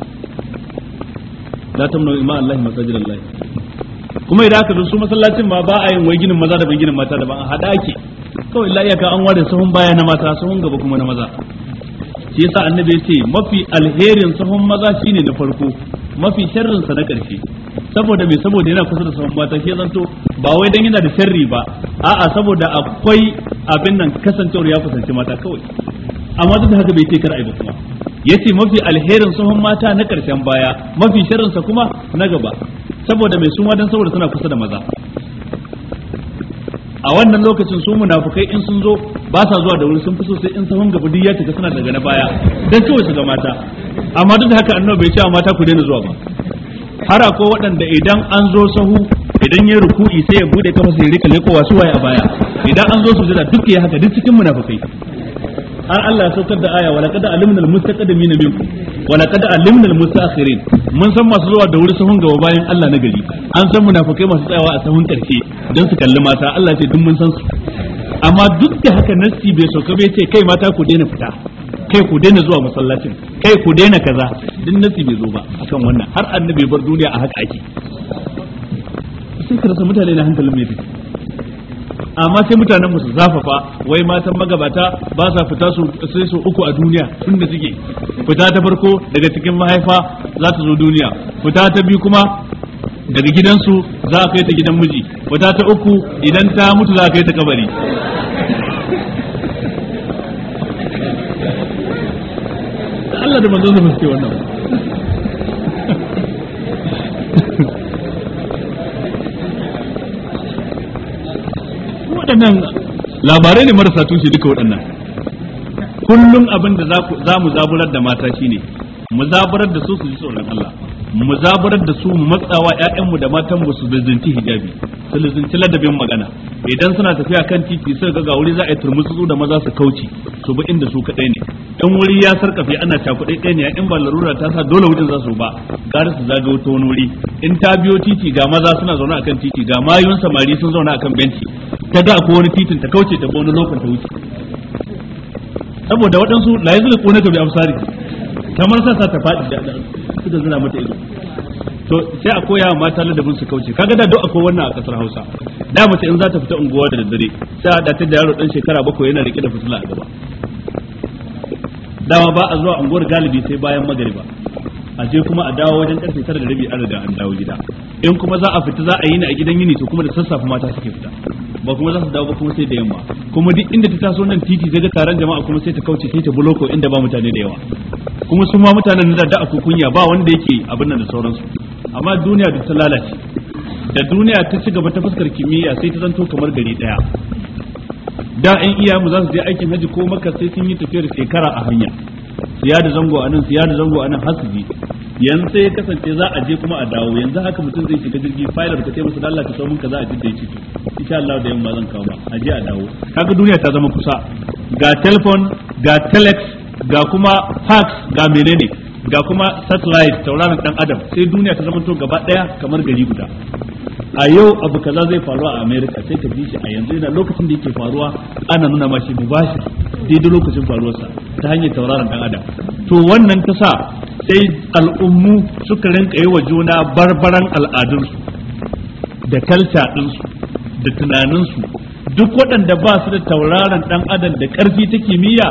la tamnu ima Allah masajid Allah kuma idan aka su masallacin ma ba a yin wai ginin maza da ginin mata da ban a hada ake kawai la iyaka an ware sahun baya na mata sahun gaba kuma na maza shi yasa annabi ya ce mafi alherin sahun maza shine na farko mafi sharrin sa na karshe saboda me saboda yana kusa da sahun mata shi zanto ba wai dan yana da sharri ba a'a saboda akwai abin nan kasancewar ya kusanci mata kawai amma duk da haka bai ce kar ai ba kuma yace mafi alherin sahun mata na karshen baya mafi sharrin sa kuma na gaba saboda mai suma dan saboda suna kusa da maza a wannan lokacin su munafukai in sun zo ba sa zuwa da wuri sun fi sosai sai in sun gaba duk ya cika suna daga na baya dan kawai su ga mata amma duk da haka annabi bai ce mata ku daina zuwa ba har ko waɗanda idan an zo sahu idan ya ruku'i sai ya bude kafa sai ya rika lekowa su waye a baya idan an zo su jira duk ya haka duk cikin munafukai har Allah ya saukar da aya walaqad alimna almustaqdimina minkum walaqad alimna almustaakhirin mun san masu zuwa da wuri sahun gaba bayan Allah na gari an san munafikai masu tsayawa a sahun karshe dan su kalli mata Allah ce duk mun san su amma duk da haka nassi bai sauka bai ce kai mata ku daina fita kai ku daina zuwa masallacin kai ku daina kaza duk nassi bai zo ba akan wannan har annabi bar duniya a haka ake sai ka rasa mutane na hankalin mai fita amma sai mutanen su zafafa wai matan magabata ba sa fita su sai su uku a duniya da suke fita ta farko daga cikin mahaifa za ta zo duniya fita ta biyu kuma daga gidansu za a kai ta gidan miji fita ta uku idan ta mutu za a kai ta kabari Allah da manzon sa suke wannan waɗannan labarai ne marasa tushe duka waɗannan kullum abin da za mu zaburar da mata shine mu zaburar da su su ji tsoron Allah mu zaburar da su matsawa ƴaƴanmu da matan mu su zazzinci hijabi su lizinci ladabin magana idan suna tafiya kan titi sai ga wuri za a yi turmutsu da maza su kauce ba inda su kadai ne dan wuri ya sarkafe ana cakuɗe ɗaya ne in ba larura ta sa dole wurin za su ba gara su zaga wata wani wuri in ta biyo titi ga maza suna zaune akan titi ga mayun samari sun zaune akan benci ta ga ko wani titin ta kauce ta wani lokacin ta wuce saboda waɗansu la ta bi amsari kamar sa ta faɗi da da zina mata ido to sai a koya mata ladabin su kauce kaga da duk akwai wannan a kasar Hausa da mace in za ta fita unguwa da daddare sai a dace da yaro dan shekara bakwai yana rike da fitila a gaba dama ba a zuwa unguwar galibi sai bayan magariba a je kuma a dawo wajen karfe tara da rabi an riga an dawo gida in kuma za a fita za a yi ne a gidan yini to kuma da sassafe mata suke fita ba kuma za su dawo ba kuma sai da yamma kuma duk inda ta taso nan titi zai ga taron jama'a kuma sai ta kauce sai ta buloko inda ba mutane da yawa kuma su ma mutanen da da aku kunya ba wanda yake abin nan da sauransu amma duniya duk ta lalace da duniya ta ci gaba ta fuskar kimiyya sai ta zanto kamar gari daya da in iya mu za su je aikin haji ko maka sai sun yi tafiyar shekara a hanya siya da zango anan siya da zango anan har su yanzu sai ya kasance za a je kuma a dawo yanzu haka mutum zai shiga jirgi filar ka taimaka da Allah ka sau ka za a ji da ya to insha Allah da yamma zan kawo ba a je a dawo kaga duniya ta zama kusa ga telephone ga telex ga kuma fax ga menene ga kuma satellite tauraron dan adam sai duniya ta zama to gaba daya kamar gari guda a yau abu kaza zai faru a America sai ka bi shi a yanzu yana lokacin da yake faruwa ana nuna mashi mubashir daidai lokacin faruwarsa ta hanyar tauraron dan adam to wannan ta sa sai al'ummu suka rinka yi wa juna barbaran al'adunsu da kalta ɗinsu da tunaninsu duk waɗanda ba su da tauraron ɗan adam da ƙarfi ta kimiyya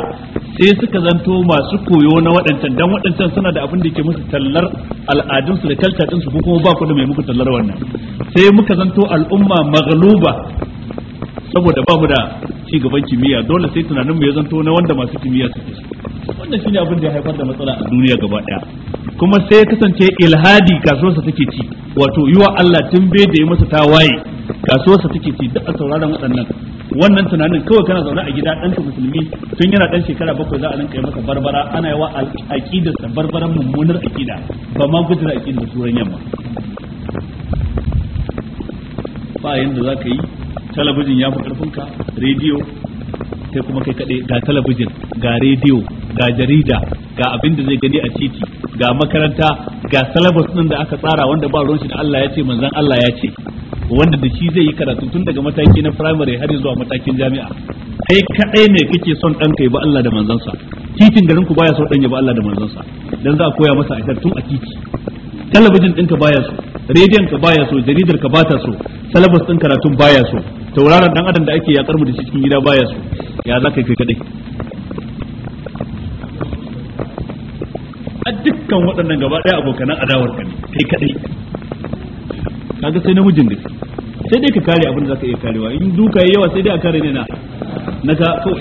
sai suka zanto masu koyo na waɗancan don waɗancan suna da abin da ke musu tallar al'adunsu da kalta ko kuma ba ku da mai muku tallar wannan sai muka zanto al'umma magaluba saboda ba mu da ci gaban kimiyya dole sai tunanin mu ya zanto na wanda masu kimiyya suke wannan shine abin da ya haifar da matsala a duniya gaba ɗaya, kuma sai ya kasance ilhadi kasuwarsa take ci wato yiwa Allah tun bai da ya masa tawaye Kasuwarsa take ci da sauraron waɗannan wannan tunanin kawai kana zaune a gida ɗanka musulmi tun yana ɗan shekara bakwai za a rinka yi masa barbara ana yawa aƙidarsa barbaran mummunar aƙida ba ma gujira aƙidar turan yamma ba yanda za ka yi talabijin ya fi ƙarfinka rediyo sai kuma kai kaɗai ga talabijin ga rediyo ga jarida ga abin da zai gani a titi ga makaranta ga salabas ɗin da aka tsara wanda ba ruwan shi da Allah ya ce manzon Allah ya ce wanda da shi zai yi karatu tun daga mataki na primary har zuwa matakin jami'a kai kadai ne kike son dan kai ba Allah da manzansa titin garin ku baya son dan ya ba Allah da manzansa dan za a koya masa a tun a titi talabijin ɗinka baya so rediyon ka baya so jaridar ka bata so salabas ɗin karatun baya so tauraron dan adam da ake yakar mu da shi cikin gida baya so ya za ka kai kadai a dukkan waɗannan gaba ɗaya abokanan adawar ka ne kai kadai kaga sai namijin ne sai dai ka kare abin da zaka iya karewa in duka yayi yawa sai dai a kare ne na na ka to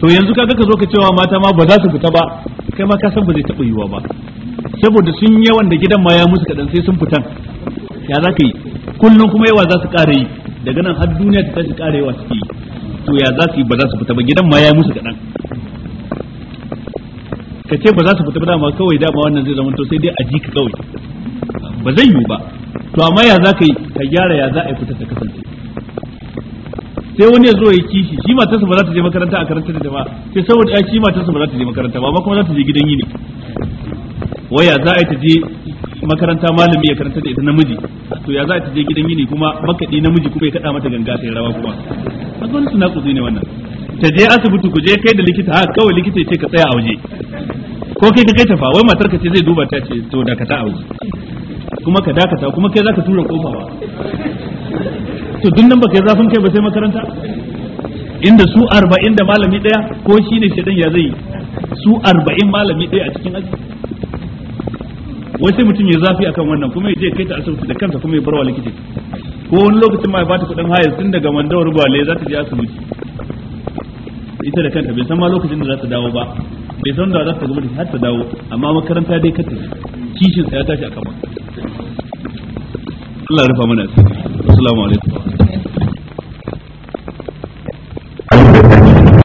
to yanzu kaga ka zo ka cewa mata ma ba za su fita ba kai ma ka san ba zai taɓa yiwa ba saboda sun yawan da gidan ma ya musu kaɗan sai sun fitan ya za ka yi kullum kuma yawa za su ƙara yi daga nan har duniya ta tashi ƙara yawa suke yi to ya za su yi ba za su fita ba gidan ma ya musu kaɗan ka ce ba za su fita ba dama kawai dama wannan zai zama to sai dai a ji ka kawai ba zai yiwu ba to amma ya za ka yi ka gyara ya za a yi fita ta kasance sai wani ya zo ya kishi shi matarsa ba za ta je makaranta a karanta da jama'a sai saboda ya shi matarsa ba za ta je makaranta ba kuma za ta je gidan yini waya za a yi ta je makaranta malami ya karanta da ita namiji to ya za a ta je gidan yini kuma makaɗi namiji kuma ya kaɗa mata ganga sai rawa kuma haka wani suna kutse ne wannan ta je asibiti ku je kai da likita haka kawai likita ya ce ka tsaya a waje ko kai ka kai ta fa wai matar ka ce zai duba ta ce to da ka ta a waje kuma ka dakata kuma kai zaka tura kofawa to duk nan ba kai zafin kai ba sai makaranta inda su arba'in da malami daya ko shi ne shaɗan ya zai su arba'in malami daya a cikin aji Wasu mutum ya zafi akan wannan kuma ya je kai ta asibiti da kansa kuma ya barwa likita ko wani lokacin ma ya bata kuɗin hayar tun daga mandawar gwale za ta je asibiti ita da kanta bai san ma lokacin da za ta dawo ba bai san da za ta gama da har ta dawo amma makaranta dai kanta kishin sa ya tashi a kama Allah ya rufa mana assalamu alaikum